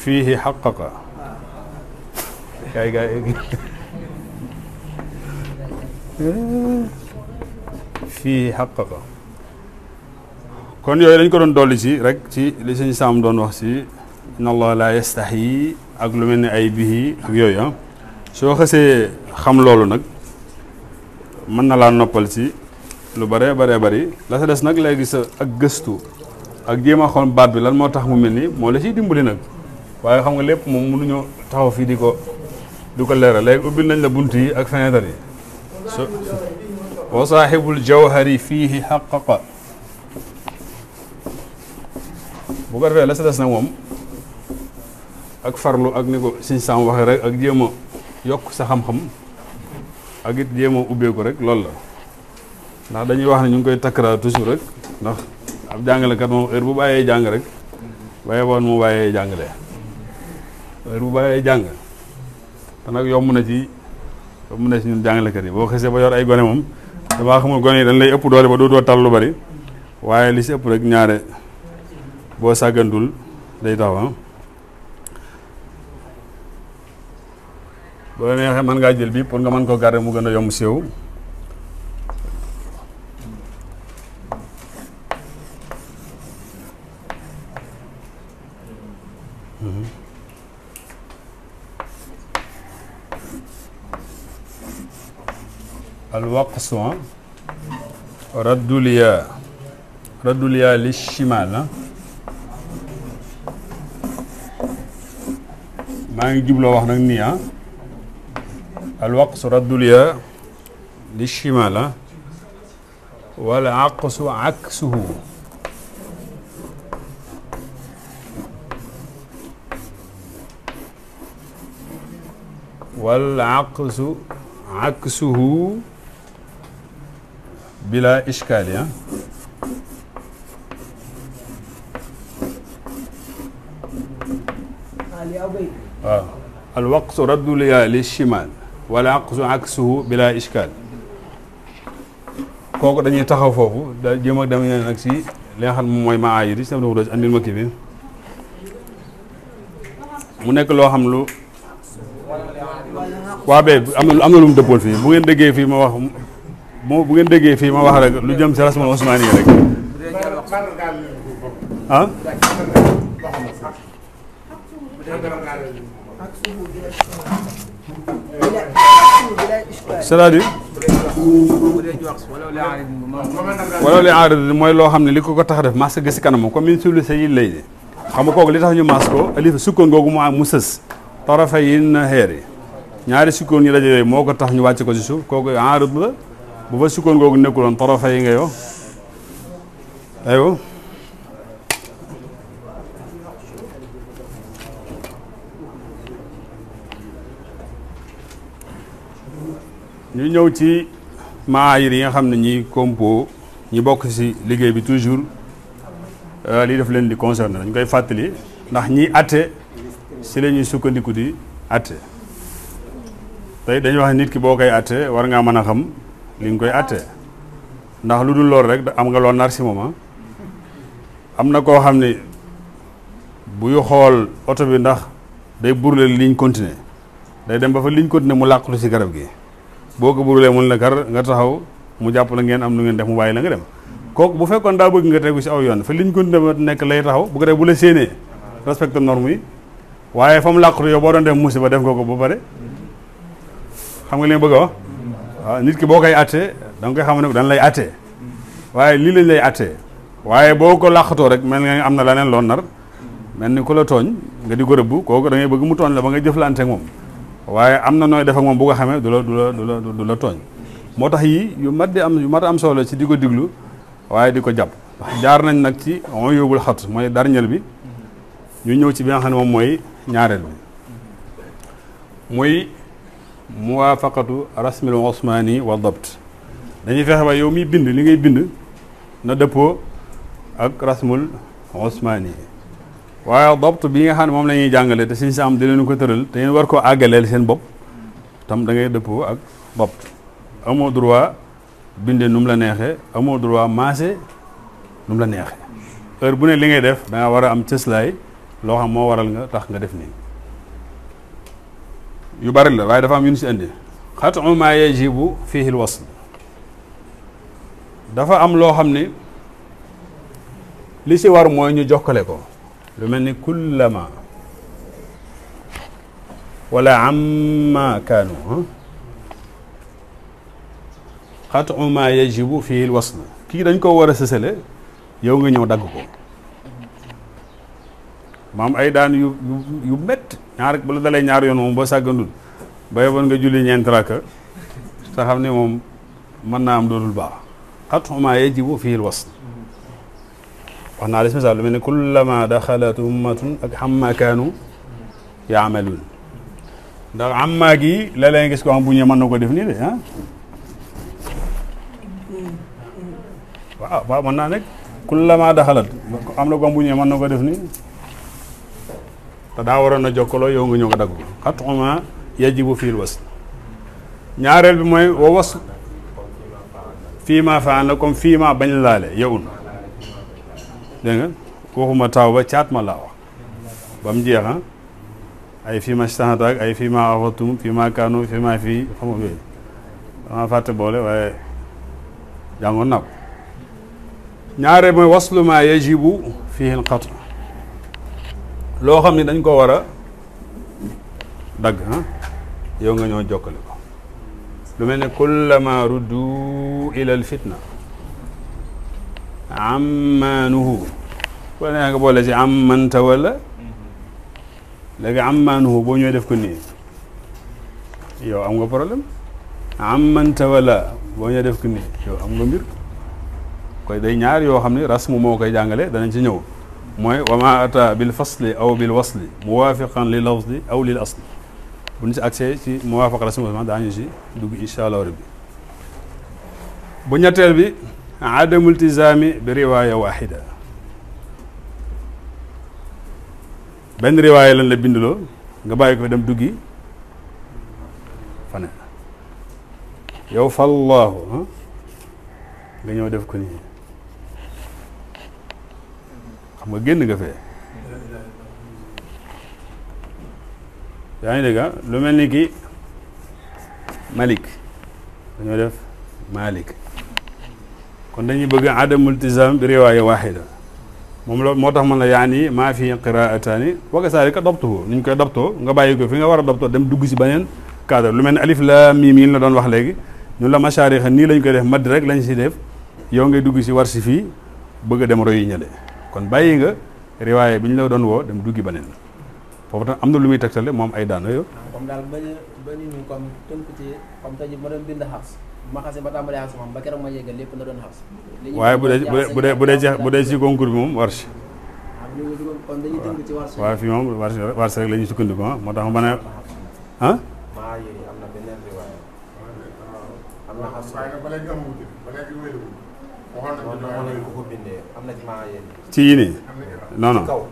xaqaqa fii xaqaqa kon yooyu dañ ko doon dolli si rek ci li sëñ Saam doon wax si inna allah la yastahi ak lu mel ni ay bihi ak yooyu ah. soo xasee xam loolu nag mën na laa noppal si lu bare bare bari la sa des nag léegi sa ak gëstu ak jéem a baat bi lan moo tax mu mel nii moo la ciy dimbali nag waaye xam nga lépp moom mënuñoo taxaw fii di ko di ko leeral léegi ubbil nañ la bunt yi ak fenêtre yi wa saaxibul jawhari fiihi xaqaqa bu ko defee la sa na nag moom ak farlu ak ni ko siñ saam waxee rek ak jéema yokk sa xam-xam ak it jéem a ubbeeku rek loolu la ndax dañuy wax ne ñu ngi koy takkara toujours rek ndax ab jàngalekat moom heure bu bàyyee jàng rek waaye woon mu bàyyee jàngale heure bu bàyyee jàng te yomb na ci ba mu ne si ñun jàngalekat yi boo xesee ba yor ay gone moom damaa xamul gone yi dañ lay ëpp doole ba dootoo tal lu bari waaye li si ëpp rek ñaare boo sàggantul day taxaw ah. boo neexee mën ngaa jël bi pour nga mën koo garder mu gën a yomb séew alwaqsu ah. raddul yaa raddul yaa li shimaal ah. maa ngi jubloo wax nag nii ah alwaqsu raddul yaa li shimaal ah. wal aqsu aksuhu wal aqsu aksuhu bila ishkaali ah waaw alwaqtu raddu liyaa li shimaal wala aqsu aksuhu bila ishkaal kooku dañuy taxaw foofu da jëm ak dem nag si li mooy ma kii bi mu nekk loo xam lu waa bee am na am na lu mu dëppool fii bu ngeen déggee fii ma wax moo bu ngeen déggee fii ma wax rek lu jëm ci rasmul osmaani rek ah cest à mooy loo xam ne li ko ko tax def mas gis kanamam comme min sulu sa yi lay ni xam nga li tax ñu mas alifa sukkoon googu mu am mu sës tarafa yi na xeer yi ñaari sukkoon ñu daje yooyu moo ko tax ñu wàcc ko ci suuf kooku aarid la bu fa sukkoon googu nekkuloon torofa yi nga yo aywa ñu ñëw ci maayir yi nga xam ne ñi compo ñi bokk ci liggéey bi toujours euh, li def leen di concerné dañ koy fàttali ndax ñi atte si lañuy sukkandiku di atte tey dañuy wax nit ki boo koy atte war ngaa mën a xam li ñu koy àttee ndax lu dul loolu rek am nga loo nar si moom ah. am na koo xam ne buy xool oto bi ndax day burle ligne continue day dem ba fa ligne continue mu làqulu si garab gi boo ko burlee mun la kar nga taxaw mu jàpp la ngeen am nu ngeen def mu bàyyi la nga dem kooku bu fekkoon daa bëgg nga tegu si aw yoon fa ligne continue ba nekk lay taxaw bu ko def bu la séenee respecte norme yi waaye fa mu làqulu yow boo doon def musiba def nga ko ba pare xam nga li bëgg a waaw nit ki boo koy attee da nga koy xam ne dañ lay attee waaye lii lañ lay attee waaye boo ko làqatoo rek mel nga am na leneen loon nar mel ni ku la tooñ nga di ko rëbb kooku da ngay bëgg mu tooñ la ba nga jëflante ak moom waaye am na nooy def moom bu nga xamee du du la du la du la tooñ moo tax yi yu mat di am yu mat am solo ci di ko diglu waaye di ko jàpp jaar nañ nag ci on yóbbul xat mooy darñel bi ñu ñëw ci bi xam ne moom mooy ñaareel bi waa muwaafaqatu rasmil osmaani wa dabt dañuy fexe ba yow miy bind li ngay bind na dëppoo ak rasmul osmaani waaye dabt bi nga xam ne moom lañuy ñuy jàngale te suñ si am di leen ko tëral te ngeen war koo àggaleel seen bopp tam dangay ngay dëppoo ak dabt amoo droit binde nu mu la neexee amoo droit maase nu la neexee heure bu ne li ngay def danga war a am cëslaay loo xam moo waral nga tax nga def nii yu bari la waaye dafa am yu ñu si indi xatu ma yajibu fihi al wasl dafa am loo xam ni li si war mooy ñu jokkale ko lu mel ni kullama wala amma kaanu xatu ma yajibu fihi al wasl kii dañ ko war a sësale yow nga ñëw dagg ko maam ay daan yu yu métti ñaar ñaar yoon moom boo sàggandul bay bon nga julli ñeent rakka te xam ne moom mën naa am dootul baax atxumaa yajibu fiil was wax naa la si misaal lu mel ne kullama daxalat ummatun ak xamma kaanu yaamaluun ndax ammaa gi la lay gis ko am bu ñëwee mën na ko def nii de ah waaw naa nekk kullama daxalat am na ko am bu ñëwee mën na ko def nii te daa waroon a jokkaloo yow nga ñëw was ñaareel bi mooy wa was fii maa faan la comme fii maa bañ laale yow dégg nga waxuma ba caat ma laa wax ba mu jeex ah. ay fii ma sitaxanta ay fii ma axatum fii ma kaanu fii ma fii xam nga yooyu fàtte boole waaye jàngoon naa ñaareel mooy waslu ma yajibu fiil xatu loo xam ni dañ koo war a dagg ah, yow nga ñoo jokkale ko lu mel ni kullama ruddu ila al fitna ammaanuhu wala yaa nga boole si ammanta wala léegi ammaanuhu boo ñëwee def ko nii yow am nga problème ammanta wala boo ñëwee def ko nii yow am nga mbir koy day ñaar yoo xam ne rasmu moo koy jàngale danañ ci ñëw mooy wa ma ata bil fasli aw bil wasli muwaafiqan lil lafzi aw lil asli bu ñu si accès ci muwaafaqa rasmi wasma daañu si dugg insha allah rabbi bu ñetteel bi adamu iltizaami bi riwaaya waaxida benn riwaaya lan la binduloo nga bàyyi ko dem duggi fane yow fallaahu nga ñëw def ko nii xam nga génn nga yaa ngi dégg ah? lu mel ni ki malik dañoo def malik kon dañuy bëgg adam iltizam bi riwaaya waxida moom loolu moo tax man la yaani maa fi qiraataani wa kasaalika dabtuhu ni ñu koy dabtoo nga bàyyi ko fi nga war a dabtoo dem dugg si beneen cadre lu mel ni alif laam miim yi la doon wax léegi ñun la masaarixa nii lañ koy def madd rek lañu si def yow ngay dugg si war si fii bëgg a dem royu ñële kon bàyyi nga riwaaye bi ñu la doon woo dem duggi beneen foofu tam am na lu muy tegtale moom ay daan yooyu. comme daal bañ a bañ ñu comme ma doon bind xas ma xasee ba tàmbalee xas lépp na doon waaye bu dee bu dee bu dee bu dee ci concours bi moom warsh. Ah, kon dañuy tënk moom warsh warsh rek la ñuy sukkandiku ah, moo tax ma ne ah. am na beneen ci nii non non waaw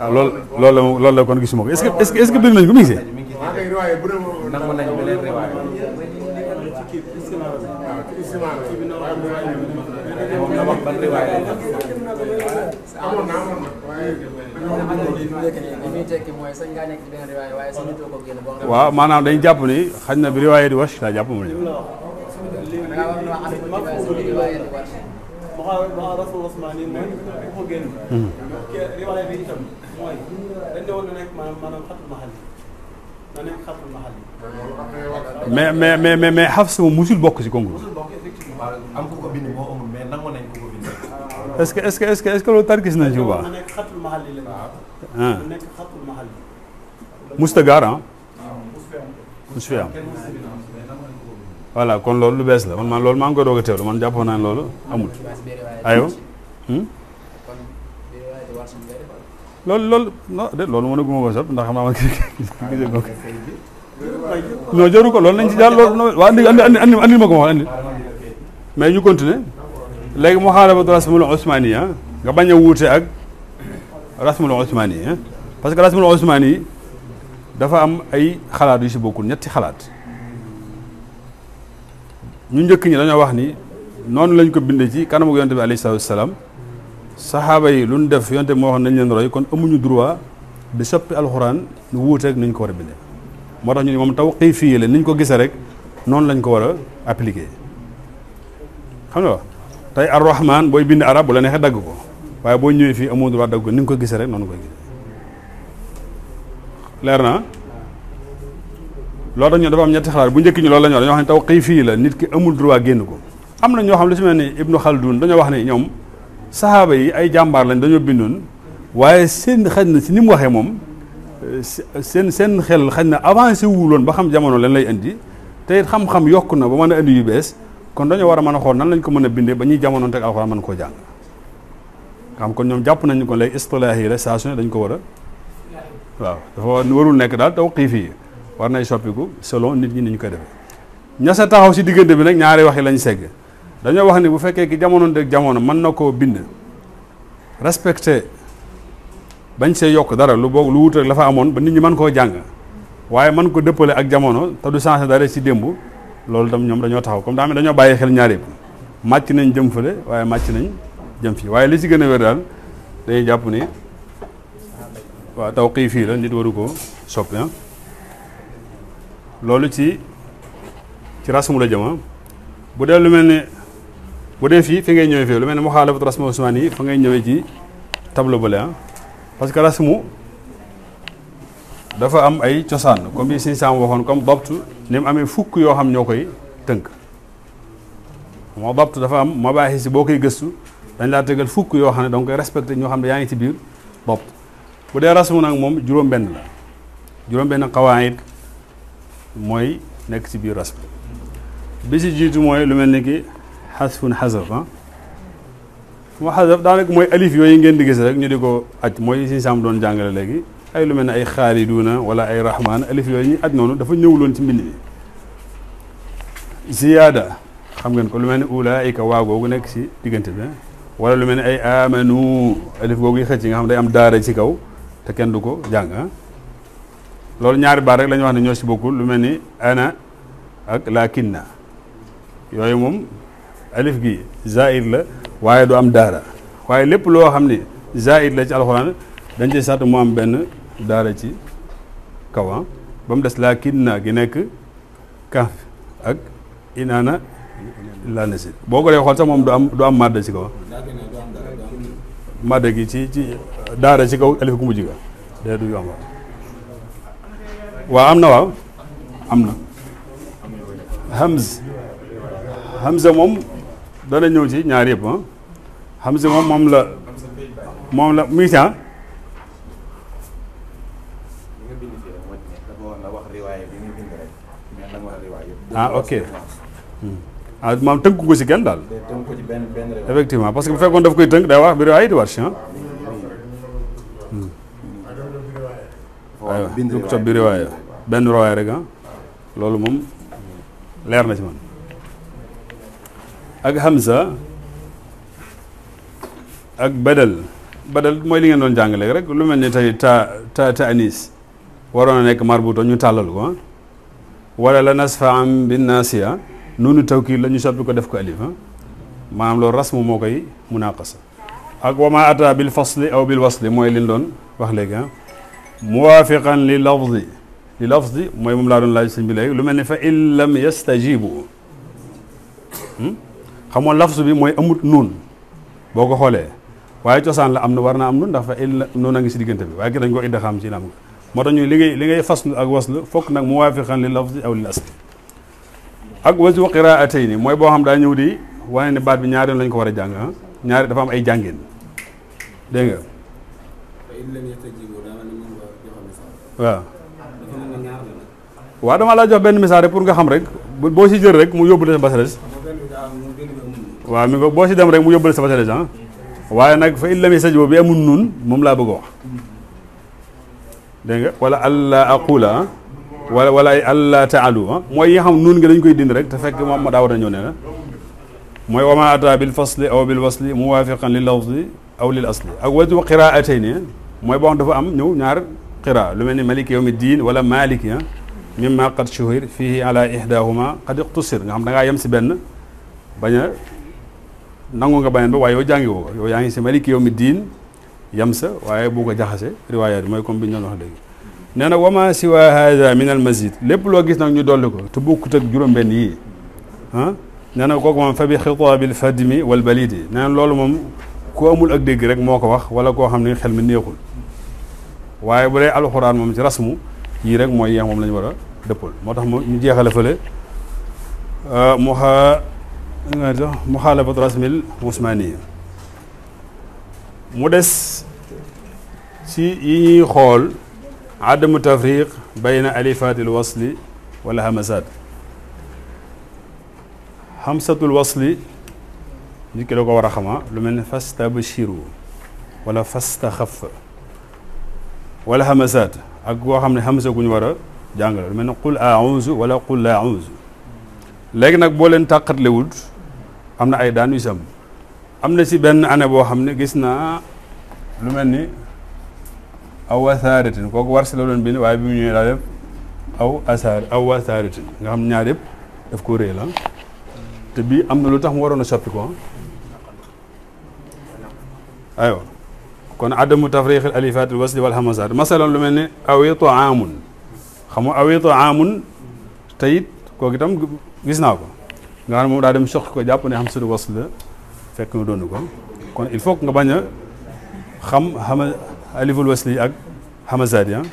ah, loolu loolu la loolu la kon gisuma ko est-ce que est-ce que bëgg nañu ko mi ngi waaw maanaam dañ jàpp ni xañ na bi riwaayé di wash laa jàpp mu maxaa maxaa rasul mais mais mais mais mais bokk si concours musul bokk ko bind moo amul loolu tarkis nañ ci bu baax nekk xatul ah voilà kon loolu lu bees la man man loolu maa ngi a teewlu man jàppoon naa ne loolu amul. Hmm? loolu loolu non de ko sax ndax xam naa ko non loolu nañ ci jaar loolu waa andi andi andi andi ma ko wax andi mais ñu continuer léegi mu xaaraba rasmul osmani yi nga bañ a wuute ak rasmul osmani yi parce que rasmul osmani yi dafa am ay xalaat yu si bokkul ñetti xalaat ñu njëkk ñi dañoo wax ni noonu lañ ko bindee ci kanamu yonte bi alayhi salaatu wasalaam saxaaba yi lu ñu def yonte bi moo wax nañ leen roy kon amuñu droit bi soppi alxuraan lu wuuteeg ni ko war a bindee moo tax ñu ne moom taw xëy fii la ni ko gisee rek noonu lañ ko war a appliquer xam nga tey arrahman booy bind arab bu la neexee dagg ko waaye boo ñëwee fii amoo droit dagg ko ni nga ko gisee rek noonu koy gisee leer na loolu dañoo dafa am ñetti xalaat bu njëkk ñi loolu la wax dañoo xam nit ki amul droit génn ko am na ñoo xam lu ci mel ni Ibnu Khaldun dañoo wax ne ñoom saxaaba yi ay jàmbaar lañ dañoo bindoon waaye seen xaj na si ni mu waxee moom euh, seen seen xel xaj na avancé wuloon ba xam jamono leen lay indi te it xam-xam yokk na ba mën a indi yu bees kon dañoo war a mën a xool nan lañ ko mën a bindee ba ñuy jamonoon teg alxuraan man koo jàng xam kon ñoom jàpp nañu ko léegi istilaahi la saa su ne ko war a waaw dafa warul nekk daal tawqiifi war nay soppiku selon nit ñi ni ñu koy defee ña sa taxaw si diggante bi nag ñaari wax yi lañ segg dañoo wax ni bu fekkee ki jamono deg jamono mën na koo bind respecté bañ see yokk dara lu boog lu wut rek la amoon ba nit ñi mën koo jàng waaye mën ko dëppale ak jamono te du changé dara si démb loolu tam ñoom dañoo taxaw comme daa mel dañoo bàyyi xel ñaar yëpp màcc nañ jëm fële waaye màcc nañ jëm fii waaye li si gën a wér daal dañuy jàpp ni waaw taw xii la waru koo soppi ah. loolu ci ci rasmu la jëm ah. bu dee lu mel ne bu dee fii fi ngay ñëwee fii lu mel ne muxaalafatu rasmu usmaani yi fa ngay ñëwee ci tableau bële ah parce que rasmu dafa am ay cosaan comme yi siñ saam waxoon comme dabtu ni mu amee fukk yoo xam ñoo koy tënk moo dabtu dafa am mabaaxis boo koy gëstu dañ laa tëggal fukk yoo xam ne danga koy respecté ñoo xam ne yaa ngi ci biir dabt bu dee rasmu nag moom juróom-benn la juróom-benn xawaayit mooy nekk ci biir rasm bi ci jiitu mooy lu mel ni ki xasfun xasaf ah fu ma xasaf daanaka mooy alif yooyu ngeen di gis rek ñu di ko aj mooy si sam doon jàngale léegi ay lu mel ni ay xaaliduuna wala ay rahmaan alif yooyu ñu aj noonu dafa ñëwuloon ci mbind mi ziyaada xam ngeen ko lu mel ni ula ay waa googu nekk ci diggante bi ah. wala lu mel ni ay amanu alif googu yi xëcc nga xam day am daara ci kaw te kenn du ko jàng ah. loolu ñaari baat rek la wax ne ñoo si bokkul lu mel ni ana ak lakinna yooyu moom alif gi zaid la waaye du am daara waaye lépp loo xam ni zaid la ci alxuraan dañ ci sàtt mu am benn daara ci kawan ah. ba mu des lakinna gi nekk kaf ak inaana laa na si boo ko dee xool sax moom du am du am màdd ci kaw ah. màdd gi ci ci daara ci kaw alif gu mujj ga waaw am na waaw am na hamz hamza moom dana ñëw ci ñaari yëpp ah hamza moom moom la moom la muy temps ah. ah ok ah maam tënk ko ci kenn daal effectivement parce que bu fekkoon daf koy tënk day wax bi riwaayati warsh waaw ñu ko topp benn riwaaya rek ah. loolu moom leer na ci man ak Hamza ak badal badal mooy li ngeen doon jàngale rek lu mel ni tey ta ta ta anis waroon a nekk marbuto ñu tàllal ko ah. wala la nasfa am bi naasiya ah. noonu tawkiid la ñu soppi ko def ko alif maanaam loolu rasmu moo koy munaaqasa ak wama ata bil fasli aw bil wasli mooy liñ doon wax léegi muwaafiqan li lafzi li lafzi mooy moom laa doon laaj sëñ bi léegi lu mel ni fa in lam yastajibu hmm? xam nga lafz bi mooy amut nuun boo ko xoolee waaye cosaan la am na war naa am nuun ndax fa in nuun a ngi si diggante bi waaye ki dañ ko idda xam si na am moo tax ñu li ngay li ngay faslu ak waslu fokk nag muwaafiqan li lafzi aw lil asli ak wasu qiraatayni mooy boo xam daa ñëw di wane ne baat bi ñaari yoon lañ ko war a jàng ah. ñaari dafa am ay jàngin dégg waaw. waaw dama laa jox benn message rek pour nga xam rek boo si jël rek mu yóbbu la sa basares waaw mi nga boo si dem rek mu yóbbu la sa basares ah. waaye nag fa illami saj boobu bi amul nun moom laa bëgg a wax dégg nga wala allah aqula wala wala allah taalu ah. mooy yi xam nun ngi dañ koy dindi rek te fekk moom daa war a ñëw ne la mooy wama ata bil fasli aw bil wasli muwafiqan lil lafzi aw lil asli ak waju qiraatayni mooy boo xam dafa am ñëw ñaar qiraa lu mel ni malik yawmi diin wala malik ya ah, mimma qad shuhir fihi ala ihdahuma qad iqtusir nga xam da ngaa yem si benn bañ a nangu nga beneen ba waaye yow jàngi woo yow yaa ngi si malik yawmi diin yem sa waaye bu ko jaxasee riwaayaat mooy comme bi ñu doon wax léegi nee na wama siwa hada min al lépp loo gis nag ñu dolli ko te bokkut ak juróom-benn yii ah nee na kooku moom fa bi xitaabil fadmi wal balidi nee na loolu moom ku amul ak dégg rek moo ko wax wala koo xam ne xel mi neexul waaye bu dee alxuraan moom ci rasmu yii rek mooy yeex moom la ñu war a dëppal moo tax ñu jeexale fële euh, muxa muxaalafatu rasmil usmaniya mu des ci yi ñuy xool adamu tafriq na alifatil wasli wala hamasat hamsatul wasli nit ki da ko war a xama lu mel ne fastabshiru wala fastaxafa wala hamazaat ak goo xam ne hamza gu ñu war a jàngale lu mel ne qul a'uuzu wala qul laa a'uuzu léegi nag boo leen tàqatlewul am na ay daan yu si am na si benn année boo xam ne gis naa lu mel ni aw asaaratin kooku war si la doon bind waaye bi mu ñëwee daal yëpp aw asaar aw asaaratin nga xam ñaar yëpp daf ko réy la te bii am na lu tax mu waroon a soppi ko ah. aywa kon adamu tafriq al alifat al wasli wal hamasat masalan lu mel ne awi taamun xam nga awi taamun te it kooku itam gis naa ko nga xam ne moom daa dem sox ko jàpp ne hamsatul wasl la fekk na doon ko kon il faut nga bañ a xam xama aliful wasli ak hamasat ya ah.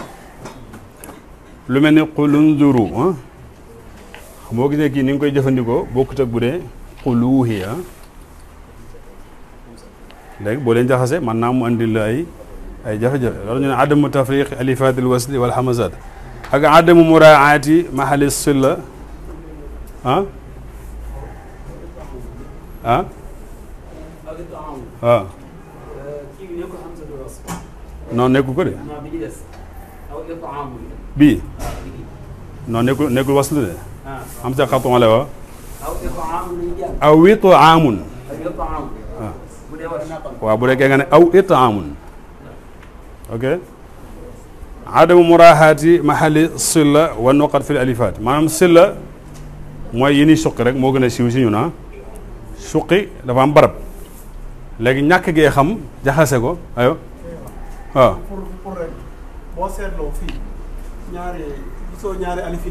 lu mel ne qulunzuru xam ah. boo gisee kii ni nga koy jëfandikoo bokkut ak bu dee quluuhiya ah. léegi boo leen jaxasee man naa mu andil la ay ay jafe-jafe loolu ñu ne adamu tafriq alifatil wasli wal hamazat ak adamu muraati mahali silla ah ah waaw ah. ko de bii non nekkul nekkul waslu de ah. am sa xatuma la wa aw itaamun waaw bu dekkee nga ne aw itaamun ok adamu murahaati mahali silla wa nuqat fil alifaat maanaam silla mooy yi ni suqi rek moo gën a siiw si ñu na ah. suqi dafa am barab léegi ñàkk gee xam jaxase ko ayo waaw pour pour ñaari alif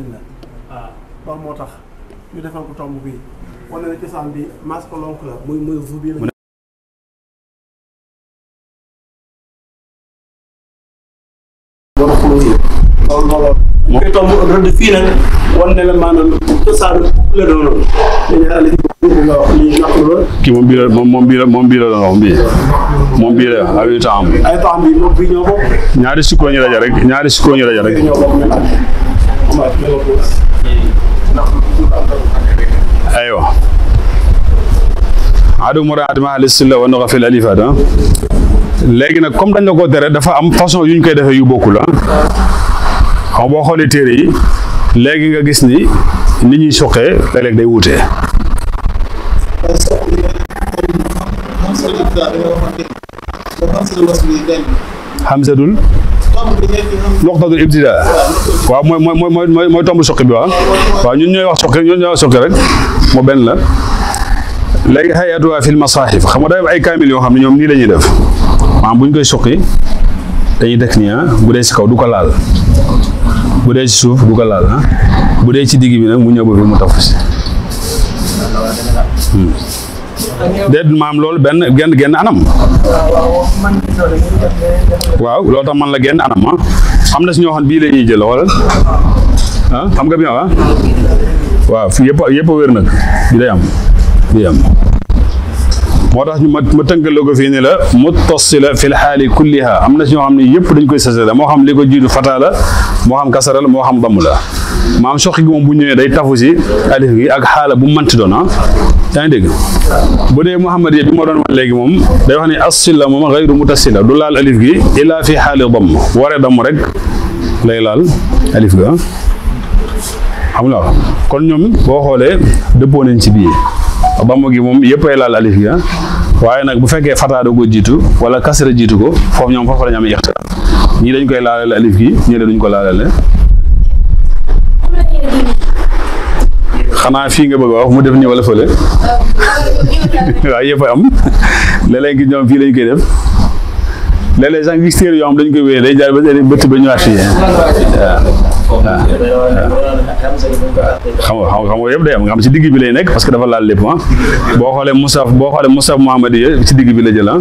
yi Ah, loolu moo tax ñu defal tomb bi masque la muy muy bi la moo koy tomb rëdd fii nag wan ne la kii moom bii moom bii moom bii la doon bii moom bii bi moom bii ñoo bokk ñaari sukkoo ñu raja rek ñaari sukkoo ñu raja rek ايوه adu muraat ma alisilla wa nuxa fil alifat ah. léegi nag comme dañ la ko tere dafa am façon yu ñu koy defee yu bokkul ah xam boo xoolee téere yi léegi nga gis ni nit ñuy suqee léeg-léeg day wutee hamsadul muqtadul ibtidaa waaw mooy mooy mooy mooy tomb soqi bi waaw waaw ñun ñooy wax soqi ñun ñooy wax soqi rek moo benn la léegi xayaatuwaa fil masaxif xam nga day ay kaamil yoo xam ne ñoom nii la ñuy def maanaam bu ñu koy soqi dañuy def nii ah, bu dee si kaw du ko laal bu dee ci suuf du ko laal ah. bu dee ci digg bi nag mu ñëw ba fi mu taf si hmm. déet maam loolu benn genn genn anam waaw loolu tax man la genn anam ah am na si ñoo xam bii la ñuy jël xoolal ah xam nga bi ah waaw fii yëpp yëpp wér nag bi day am bi tax ñu ma ma tënkaloo ko fii ni la muttasila fil xaali kulliha am na si ñoo xam ne yëpp dañ koy sasale moo xam li ko jiitu fataa la moo xam kasara la moo xam damu la maam soxi gi moom bu ñëwee day tafu si alif gi ak xaala bu manti doon ah yaa dégg bu dee Muhammad bi ma doon wax léegi moom day wax ni assila moom xayru mutasila du laal alif gi illaa fi xaali damm waree damm rek lay laal alif ga xam nga kon ñoom boo xoolee dëppoo nañ ci bii damm gi moom yëppay laal alif gi ah. waaye nag bu fekkee fataa da ko jiitu wala kasra jiitu ko foofu ñoom foofu la ñu am ixtilaaf ñii dañ koy laalale alif gi ñii dañ ko laalale xanaa fii nga bëgg a mu def nii wala fële waaw yëpp am léeg-léeg ngi ñoom fii lañ koy def léeg-léeg sax gis téere yoo xam dañ koy wéyee day jaar ba bëtt ba ñëwaat fii waaw xam nga xam nga yëpp day am nga xam ci digg bi lay nekk parce que dafa laal lépp ah boo xoolee Musaf boo xoolee Musaf Muhammad yi ci digg bi la jël ah.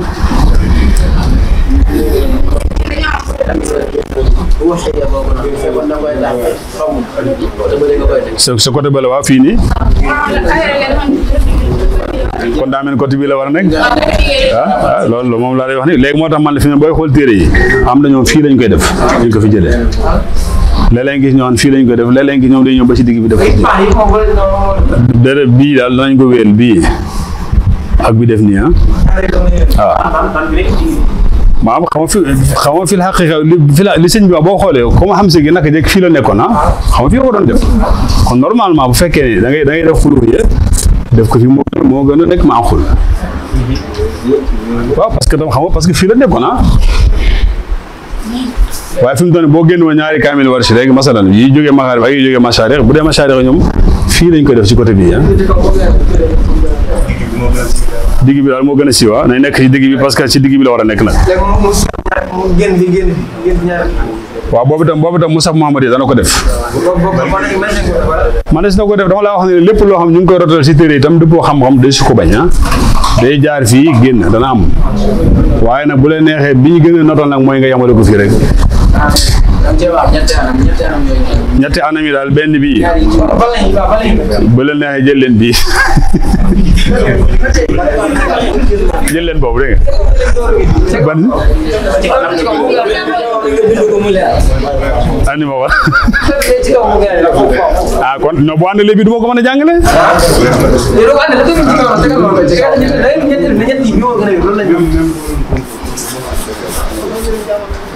sa sa côté bële waa fii nii kon daa mel côté bii la war a nekk ah, ah loolu moom laa lay wax ni léegi moo tax man la fi ne booy xool téere yi am na ñoom fii lañ koy def ko fi jëlee léeg gis ñoom fii lañ koy def léeg-léeg gis ñoom dañ ñëw ba ci digg bi def dara bii daal danañ ko wéel bii ak bi def nii ah waaw ah. maanaam xam nga fi xam nga fi la xaqiqa fi la li sëñ bi wax boo xoolee comme xam si gi naka jekk fii la nekkoon ah xam nga fii la ko doon def kon normalement bu fekkee ne da ngay da ngay def xulu yee def ko fi moo gën moo gën a nekk maa xul waaw parce que tam xam nga parce que fii la nekkoon ah waaye fi mu doon boo génn woon ñaari kaamil war si rek masalan yi jógee maxaarib ak yi jógee masaarix bu dee masaarix ñoom fii lañ ko def ci côté bii ah digg bi daal moo gën a siiw ah nañ nekk ci digg bi parce que ci digg bi la war a nekk nag. waaw boobu tam boobu tam Moussa yi dana ko def. man des na ko def dama laa wax ne lépp loo xam ñu ngi koy rotal si téere itam dëppoo xam-xam day su ko bañ ah. day jaar fii génn dana am waaye nag bu leen neexee bi ñu gën a notoon nag mooy nga yamale ko fii rek. ñetti anam yi daal benn bi ba leen neexee jël leen bii jël leen boobu dégg ban andi ma wax ah kon du ma ko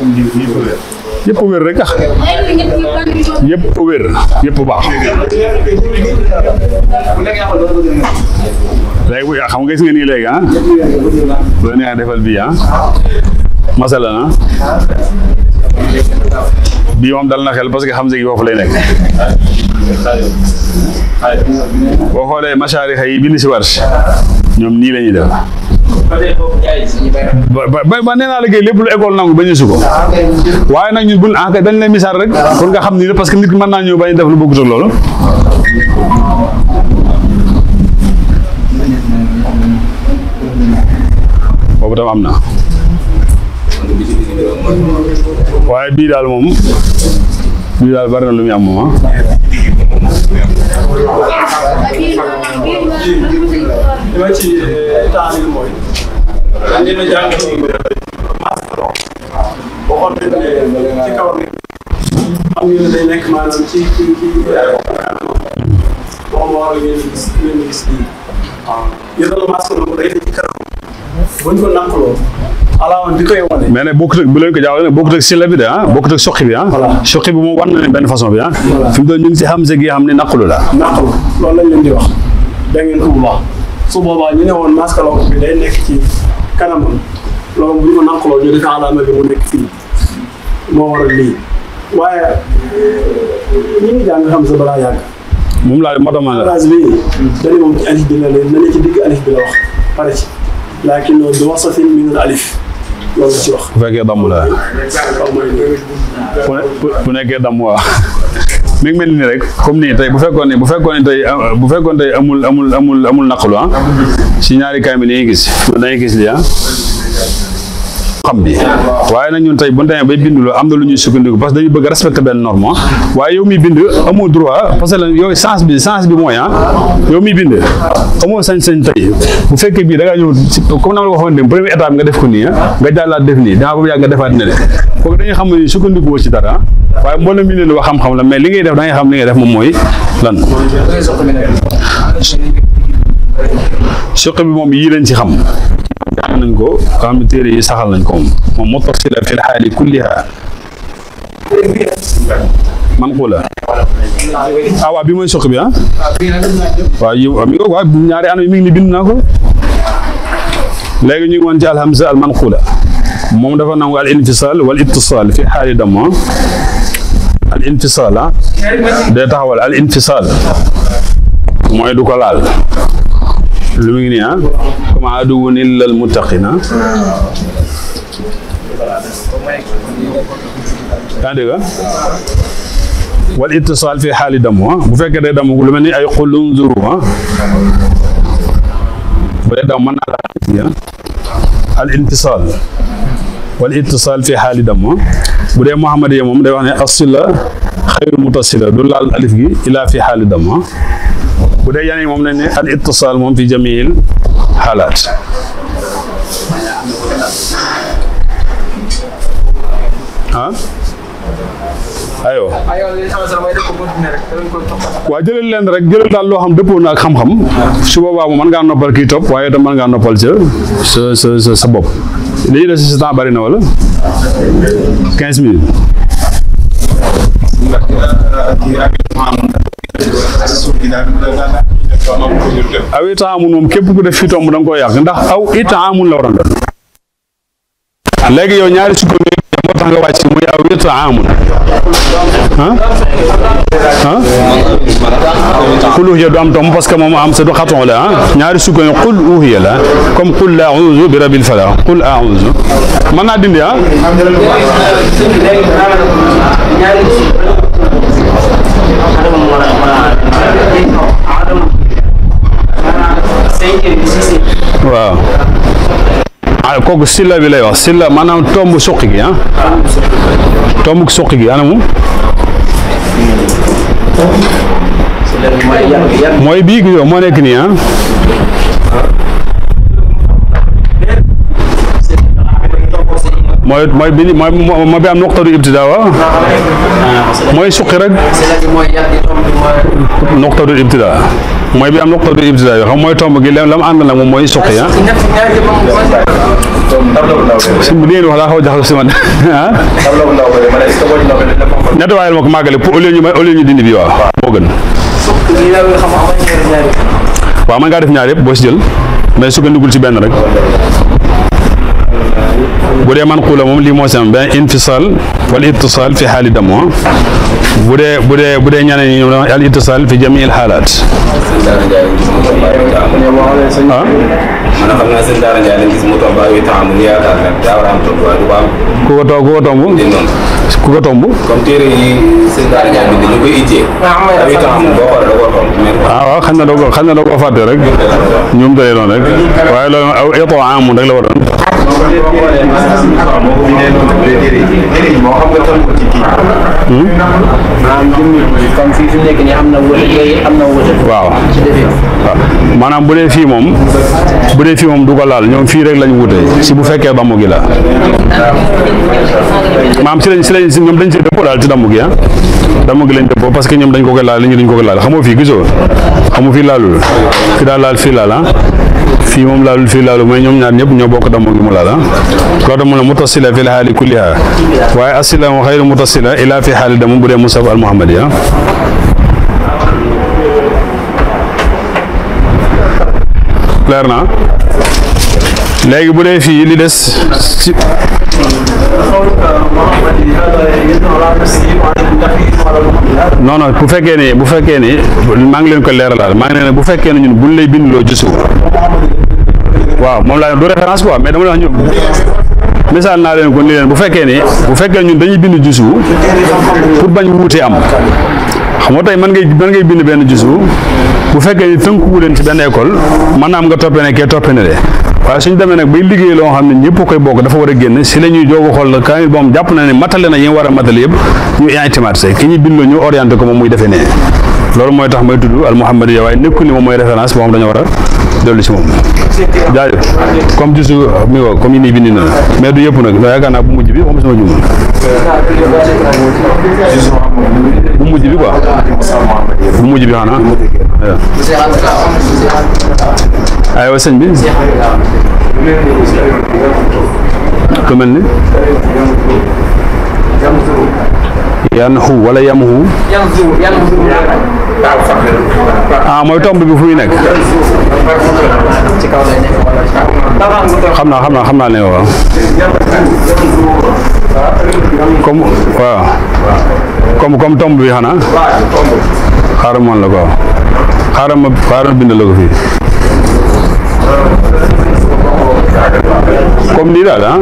mën a yëpp wér rek ah yëpp wér yëpp baax léegi bu yaa xam nga gis nga nii léegi ah loo neex defal bii ah masala na ah? bii moom dal na xel parce que xam si foofu lay nekk boo xoolee masaarixa yi bind si ñoom nii la ñuy def ba naa la lépp lu école nangu ba a su ko waaye nag ñun buñ ah kay dañ lay rek pour nga xam ni la parce que nit mën naa ñëw bañ def lu bokkut ak loolu boobu tam am na waaye bii daal moom bii daal bari na lu muy am dañ leen a jàng master waxoon nañ ne ci kaw rek am ñu ne day nekk maanaam ci ci ci moom moo xam ngeen gis ngeen gis lii waaw yéen a master bu day ci kaw bu ñu ko nàkkloo alaawoon bi koy wane. mais nag bokkut ak bu leen ko jaawale nag bokkut ak silla bi de ah bokkut ak soqi bi ah. voilà soqi bi moom war na leen benn façon bi ah. voilà fi mu doon ñu ngi si xam gi xam ne naqalu la. naqalu loolu lañ leen di wax da ngeen ko bu baax su boobaa ñu ne woon masque bi day nekk ci. kanamam loolu bu ñu ko naqaloo ñu defee alaama bi mu nekk fii moo lii waaye eh, ñi ngi xam sa balaa yàgg. moom laa moo tax ma ne la. bi dañu alif bi la leen na ci digg la wax pare ci laakin bi wasafin min loolu ci wax. bu fekkee damm la. bu nekkee damm waa. mi ngi mel ni rek comme nii tey bu fekkoon ne bu fekkoon ne tey ah, bu fekkoon tey amul amul amul amul naqlu ah si ñaari kaamil yi ngay gis dangay gis li ah xam bi waaye nag ñun tey bu ñu demee bay bind am na lu ñuy sukkandiku parce que dañu bëgg respecter benn norme ah. waaye yow miy bind amoo droit ah. parce que yow sens bi sens bi mooy ah yow miy bind amoo sañ-sañ tey bu fekkee bii da ngaa ñëw comme na ma waxoon dem première nga def ko nii ah. nga jàllaat def nii daa boobu yàgg nga defaat ne le xam ne sukkandiku woo ci dara waaye mboolem mi leen wax xam-xam la mais li ngay def da ngay xam li ngay def moom mooy lan suq bi moom yii lañ ci xam jàng nañ ko xam ne téere yi saxal nañ ko moom moom muttasila fil xaali kulliha man xuula ah waaw bi mooy soq bi ah waaw yi mi ngi waaw ñaari anam yi mi ngi ni bind naa ko léegi ñu ngi woon ci alhamza al manqula moom dafa nangu al infisal wal ittisal fi xaali dama ah. al infisal ah day taxawal al infisal mooy du ko laal lu mu ngi nii ah comme aduwun illal muttaqina ah? yaa dégg ah? wal ittisaal fi xaali damu ah? bu fekkee day damu lu mel ni ay xulun zuru ah bu dee damu mën naa la xaali al intisaal wal ittisaal fi xaali damu bu dee Muhammad yi moom day wax ne asila xayru mutasila du laal alif gi ilaa fi xaali damu bu dee yan yi moom lañ ne al ittisaal moom fi jamiil xaalaat ah ayoo waaw jëlal leen rek jëlal daal loo xam dëppoo na ak xam-xam su boobaa moom mën ngaa noppal kii topp waaye itam mën ngaa noppal sa sa sa sa li ñu des si temps bari na wala quinze minutes aw itaamun moom képp ku def fi tomb da nga koo ndax aw itaamun la waroon doon yow ñaari sukkoon yooyu tax nga wàcc muy aw itaamun ah qul uhiya du am tomb parce que moom am sa du la ah ñaari sukkoon yi qul uhiya la comme qul bi rabbil falaq qul auzu mën naa dindi ah waaw a ah, kooku silla bi lay wax silla maanaam tomb suqi gi ah tomb suqi gi anamu mooy bii gi moo nekk nii ah mooy mooy bi mooy moo bi am nuqtadu ibtidaawa mooy suqi rek nuqtadu ibtidaa mooy bi am nuqtadu ibtidaa yoo xam mooy tomb gi la mu ànd nag moom mooy suqi ah si bu ngeen wax daa ah. ma ko màggale pour au ñu may au ñu dindi bi waaw moo gën waaw man ngaa def ñaar yëpp boo si jël mais sukkandikul ci benn rek bu man manquula moom lii moo si am benn infisal wala ittisal fi xaali damoo ah. bu dee bu dee bu dee ñeneen ñi ñoom dama al ittisal fi jami il xaalaat ah? a am ku ko ku ko tomb ku ko tomb. comme téere yi sëñ Bara Ndiaye bi dañu koy ittee. waaw ah, waaw xam na da ko xam na da ko rek. ñoom dalee noonu rek. waaye loolu aw étoo amoon rek la waroon. Hmm? waaw. maanaam bu dee fii moom bu dee fii moom du ko laal ñoom fii rek lañ wute si bu fekkee dammu gi la maam si lañ si lañ ñoom dañ si dëppoo daal si dammu gi ah dammu ñoom dañ ko koy laal li ko koy xamoo fii gisoo xamu fii laalul fi daal laal fii laal ah fii moom laalu fii laalul mooy ñoom ñaar ñëpp ñoo bokk dammu gi mu laal ah loolu mu ne mutasila fi lhaali kulliha waaye asila xayru mutasila ila fi xaali damu bu dee musaf al muhammadi ah leer na léegi bu dee fii li des si bu fekkee ni bu fekkee ni maa ngi leen ko leeralal maa leen bu fekkee ne ñun buñ lay bind loo gisu waaw moom laa du référence quoi mais dama la wax ñu misaal naa leen ko ni leen bu fekkee ni bu fekkee ñun dañuy bind jusu pour bañ wuutee am xam nga tey man ngay mën ngay bind benn jusu bu fekkee ni tënkuwu leen ci benn école maanaam nga toppee ne kee toppee ne de waaye suñ demee nag bay liggéey loo xam ne ñëpp koy bokk dafa war a génn si la ñuy joog xool la kaamil moom jàpp na ne matale na yi war a matale yëpp ñu intimatisé ki ñu bindoo ñu orienté ko moom muy defee ne loolu mooy tax may tudd al muhammadiya waaye nekkul ni moom mooy référence boo xam dañoo war dellu si moom jaajëf comme juste euh, mi woo na mais du yëpp nag ndax yaakaar bu mujj bi moom sama ñu bu mujj bi quoi bu mujj bi xanaa aywa sëñ bi ku mel ni yan xu wala yam xu ah mooy tomb bi fu muy nekk. xam naa xam naa xam naa ne waaw. comme waaw. comme comme tomb bi xanaa. xaaral moon la ko waaw. xaaral ma xaaral bind la ko fii. comme nii daal ah.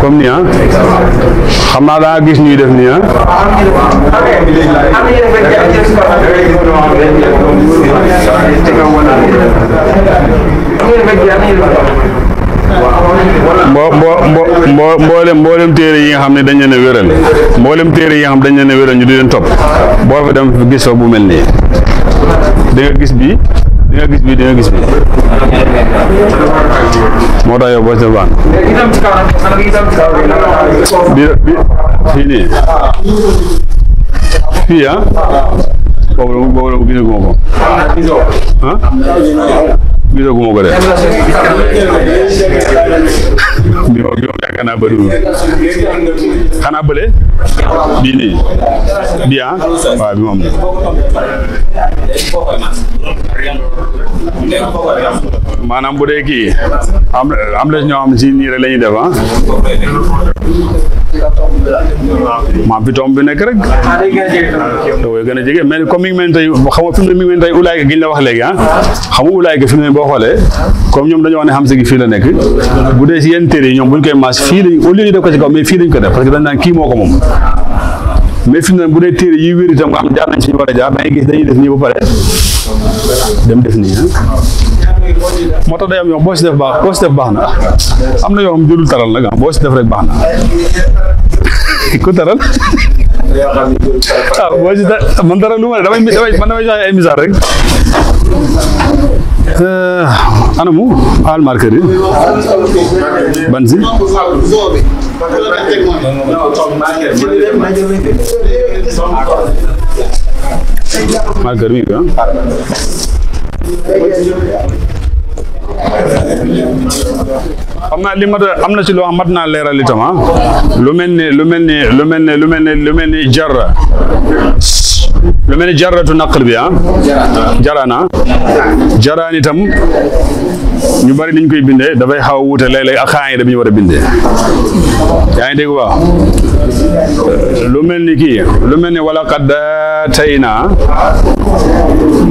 comme ni ah xam naa daa gis ñuy def nii ah mbo mbo mbo mboolem mboolem téere yi nga xam ne dañ leen a wéral mboolem téere yi nga xam dañ leen a wéral ñu di leen topp boo fa dem gis fa bu mel nii da nga gis bi di nga gis bi di nga gis bi moo tax yow boo sa baan bi bi fii nii fii ah boobu la boobu la gisoo gu ma ko def bi ma yaakaar naa bëriwul xanaa bële bii nii bii ah waaw bi moom maanaam bu dee kii am am na ñoo xam si nii rek la ñuy def ah? maa fi tomb bi nekk rek. dafay gën a jege mais comme mi ngi mel tey xam nga fi mu ne mi ngi mel tey ulaayka gi ñu la wax léegi ah xam nga fi ne boo xoolee comme ñoom dañoo wax ne xam si gi fii la nekk bu dee si yenn téere yi ñoom bu ñu koy maas fii lañ au lieu def ko ci kaw mais fii lañ ko def parce que dañ naan kii moo ko moom mais fi mu ne bu dee téere yi wér itam nga xam jaar nañ si ñu war a jaar da ngay gis dañuy def nii ba pare dem def nii ah. moo tax day am yoon boo def baax na am na yoo xam jëlul taral nag boo si def rek baax na ku taral ah boo si man dara lu ma ne damay man damay joxe ay misaal rek eh, anamu al marqueur ban si marqueur mi xam naa li mat am na ci loo xam mat naa leeral itam ah. lu mel ni lu mel ni lu mel ni lu mel ni lu mel ni jarra lu mel ni jarratu naql bi ah jaraan ah jaraan itam ñu bari niñ koy bindee dafay xaw a wuute léeg-léeg ak xaayida bi ñu war a bindee yaa ngi dégg baax mel ni kii lu mel ni wala qad tey naa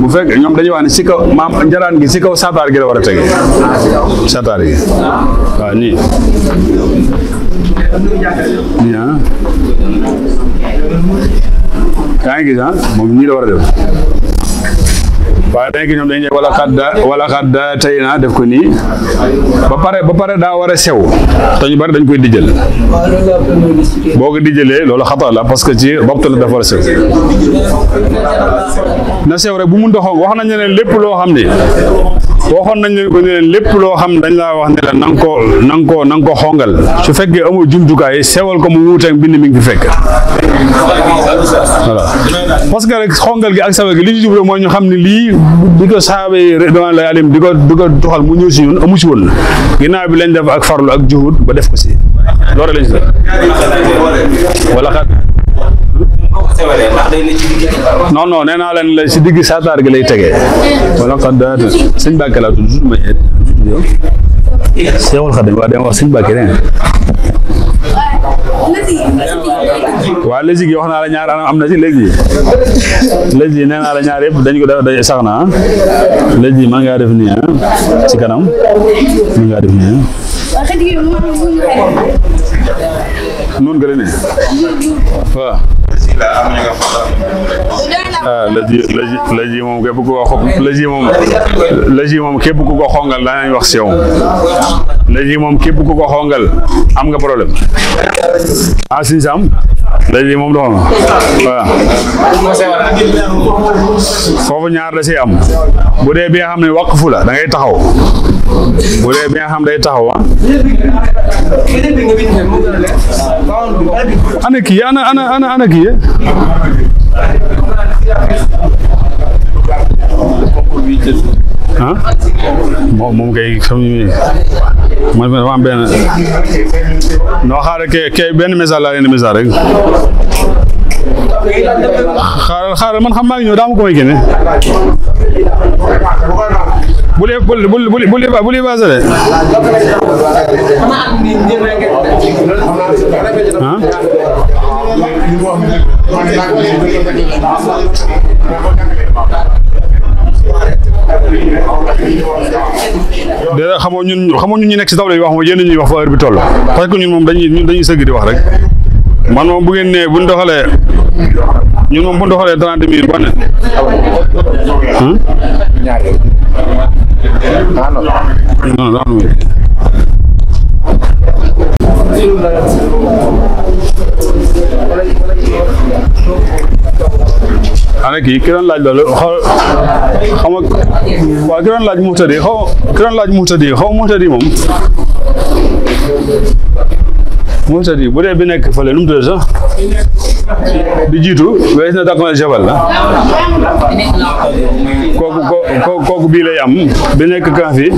bu fekk ñoom dañuy wax ne si kaw maam njaraan gi si kaw sataar gi la war a tege gi waaw nii nii ah yaa ngi gis ah. moom ñii la war waaye léegi ñoom dañuy wala xadda wala xadda tey naa def ko nii ba pare ba pare daa war a sew te bari dañ koy dijjal boo ko dijjalee loolu xataa la parce que ci bopp la dafa war a sew na sew rek bu mun doxoon wax nañu ne lépp loo xam ne waxoon nañ leen ko ne lépp loo xam dañ laa wax ne la na nga ko na ko xongal su fekkee amul jumtukaay sewal ko mu wuuteeg bind mi ngi fi fekk parce que rek xongal gi ak sawe gi li ñu mooy ñu xam ne lii di ko saabee redwan alim di ko di ko doxal mu ñëw si ñun amu si woon ginnaaw bi lañ def ak farlu ak juhud ba def ko si loolu lañ si def wala non non nee naa leen la si digg saataar gi lay tegee wala xam daa sëñ Bàkke laa tudd ma yeet Seexul Xadim waa dem wax sëñ Bàkke nee waaw léegi gi wax naa la ñaar am na si léegi léegi nee naa la ñaar yëpp dañ ko def dañ sax na léegi mën ngaa def nii ah, si kanam mën ngaa def nii ah. noonu nga ne waaw ah lëj lëj yi moom képp ku ko xo moom képp ku ko xongal danañ wax si yow lëj yi moom képp ku ko xongal am nga problème ah léegi moom dox foofu ñaar da siy am bu dee bi nga xam ne waqfu la ngay taxaw bu dee bi nga xam day taxaw ah. ana kii ana ana ana ana kii eh. ah? man dafa am benn dé xamoo ñun xamoo ñun ñu nekk si table yi wax moom yéen ñuy wax fa heure bi toll parce que ñun moom dañuy ñun dañuy sëgg di wax rek man moom bu ngeen nee buñ doxalee ñun moom buñ doxalee trente mille ba ne hmm? non ana kii ki doon laaj loolu xaw xam nga waaw ki doon laaj muhtadi xaw ki laaj muhtadi xaw muhtadi moom muhtadi bu dee bi nekk fële nu mu tudd di jiitu wees na dàq na jabal la kooku kooku kooku bii lay am bi nekk kan fi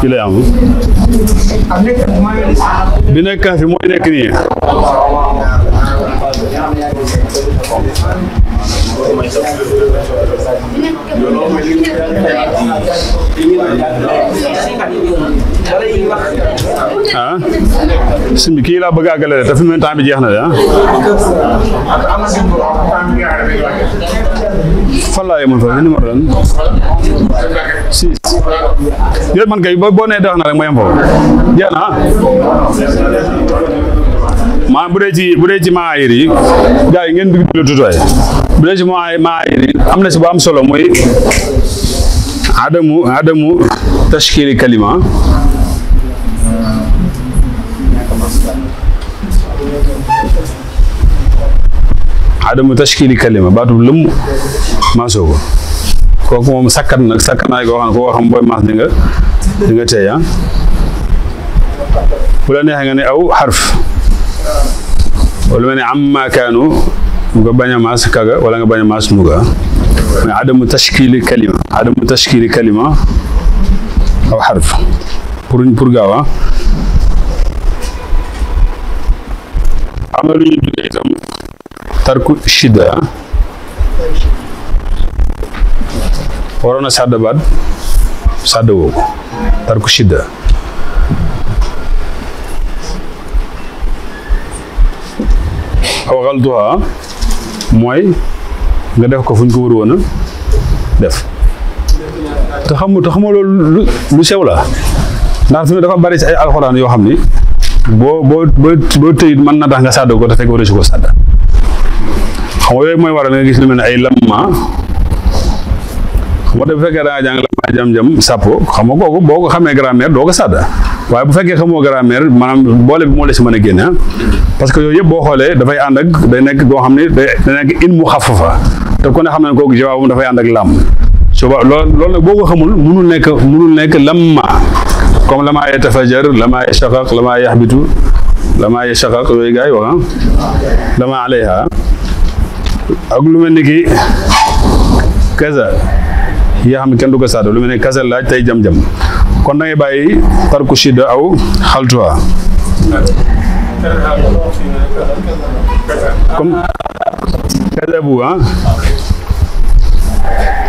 ci lay bi nekk kan fi mooy nekk nii ah sëñ bi kii laa bëgg a àggale de te fi mu ne temps bi jeex na de ah. fan laa yemoon fa numéro lan six man kay boo nee dox na rek ma yem foofu ah. maa bu dee ci bu dee ci maayir yi gars ngeen dugg tutooy bu dee ci am na si bu am solo mooy adamu adamu tashkili kalima adamu tashkili kalima baatu lëmm maa soo kooku moom sakkan nag sakkanaay koo xam ne koo xam booy maas di nga di nga ah. ne aw xarf wala ma ne amma kaanu nga bañ maas kaga wala nga bañ a maas nuga mais adamu tashkili kalima adamu tashkili kalima aw ah. shida ah. waroon a sàddabaat sàddawoo ko tarku shidda waxal duha mooy nga def ko fu ñu ko wër woon a def te xamu te xamu loolu lu sew la ndax fi mu dafa bari si ay alxuraan yoo xam ni boo boo boo tëyit mën na tax nga sàdda ko te fekk wala si ko sàdda xam nga yooyu mooy waral nga gis lu mel ne ay lamma wala bu fekkee da jàng la jam jam sàppo xam nga kooku boo ko xamee grammaire doo ko sàdda waaye bu fekkee xamoo grammaire maanaam boole bi moo la si mën a génn ah. parce que yooyu yëpp boo xoolee dafay ànd ak day nekk doo xam ne day nekk in mu xafafa te ku ne xam ne kooku jawaabam dafay ànd ak lam suba loolu loolu nag boo ko xamul munul nekk munul nekk lamma comme lamaa yatafajar lamaa yashaqaq lamaa yaxbitu lamaa yashaqaq yooyu gars yi wax ah. lamaa alayha ak lu mel ni ki yi nga xam kenn du ko saado lu mel ne kasel laaj tey jam-jam kon da ngay bàyyi tarku shidda aw xaltuwa comme kasabu ah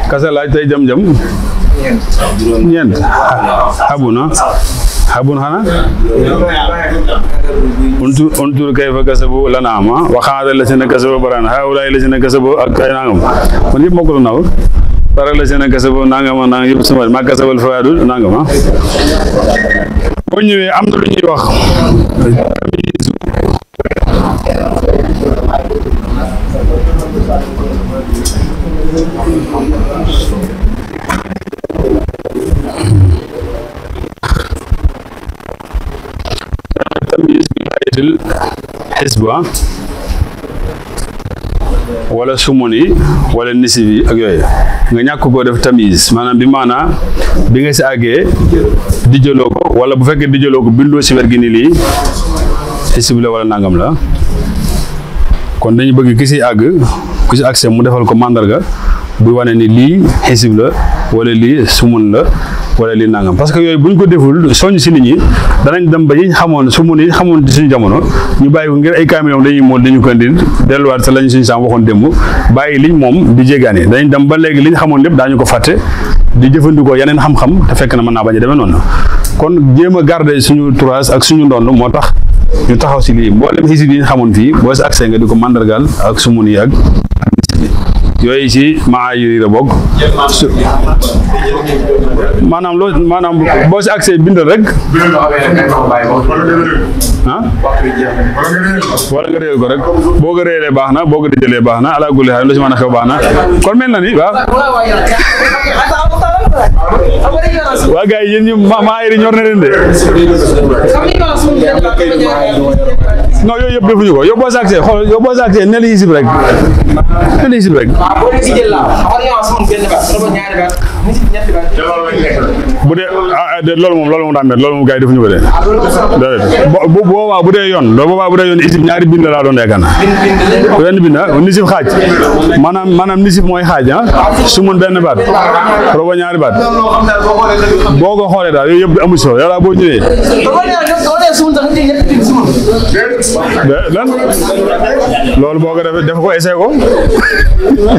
kasel laaj tey jam-jam ñeent xabuna ah. xabun xana untur untur kayfa kasabu lanaama waxaana la ah. seen kasabu baraan xaawulaay la seen kasabu ak ay nangam kon yëpp moo ko paralacena kasabo nangama nang yëpp suma ma kasabal fawaadu nangama ah. boo ñëwee am na lu ñuy wax tamiisu tamiisu xisba wala sumun yi wala nisib yi ak yooyu nga ñàkk koo def tamise maanaam bi maanaa bi nga si àggee dijjaloo ko wala bu fekkee dijjaloo ko bindoo si wet gi ni lii isib la wala nangam la kon dañu bëgg ki si àgg ku si accès mu defal ko màndarga buy wane ni lii xisib la wala lii sumun la wala li parce que yooyu bu ñu ko deful soññ si nit ñi danañ dem ba yiñ xamoon su mu ni xamoon ci suñu jamono ñu bàyyi ko ngir ay camion dañuy mool dañu ko indil delluwaat moom di jéggaane danañ dem ba léegi liñ xamoon lépp daañu ko fàtte di jëfandikoo yeneen xam-xam te fekk na mën naa bañ a demee noonu kon jéem a garder suñu turas ak suñu ndond moo tax ñu taxaw si lii mboolem xisib yi ñu xamoon fii boo si accès nga di ko màndargaal ak sumun yi ak yooyu si maa yooyu la bokk maanaam loo maanaam boo si accès bindal rek. ah. wala nga réel ko rek boo ko réelee baax na boo ko jëlee baax na ala kulli xaal lu si mën a xew baax na kon mel na ni waaw. waa gars yi yéen ñi maa maa ñor na leen de. non yooyu yëpp defuñu ko yow boo saagtee xool yow boo saagtee ne la yisib rek ne la yisib rek. bu dee ah loolu moom loolu moom daa loolu moom gars yi defuñu ko de. déedéet bu boobaa bu dee yoon loolu boobaa bu dee yoon isib ñaari bind laa doon yaakaar naa. benn bind ah nisif xaaj maanaam maanaam nisif mooy xaaj ah su benn baat robo ñaari baat boo ko xoolee daal yooyu yëpp amu si yow daal boo ñëwee. lan loolu boo ko defee def ko essayé ko.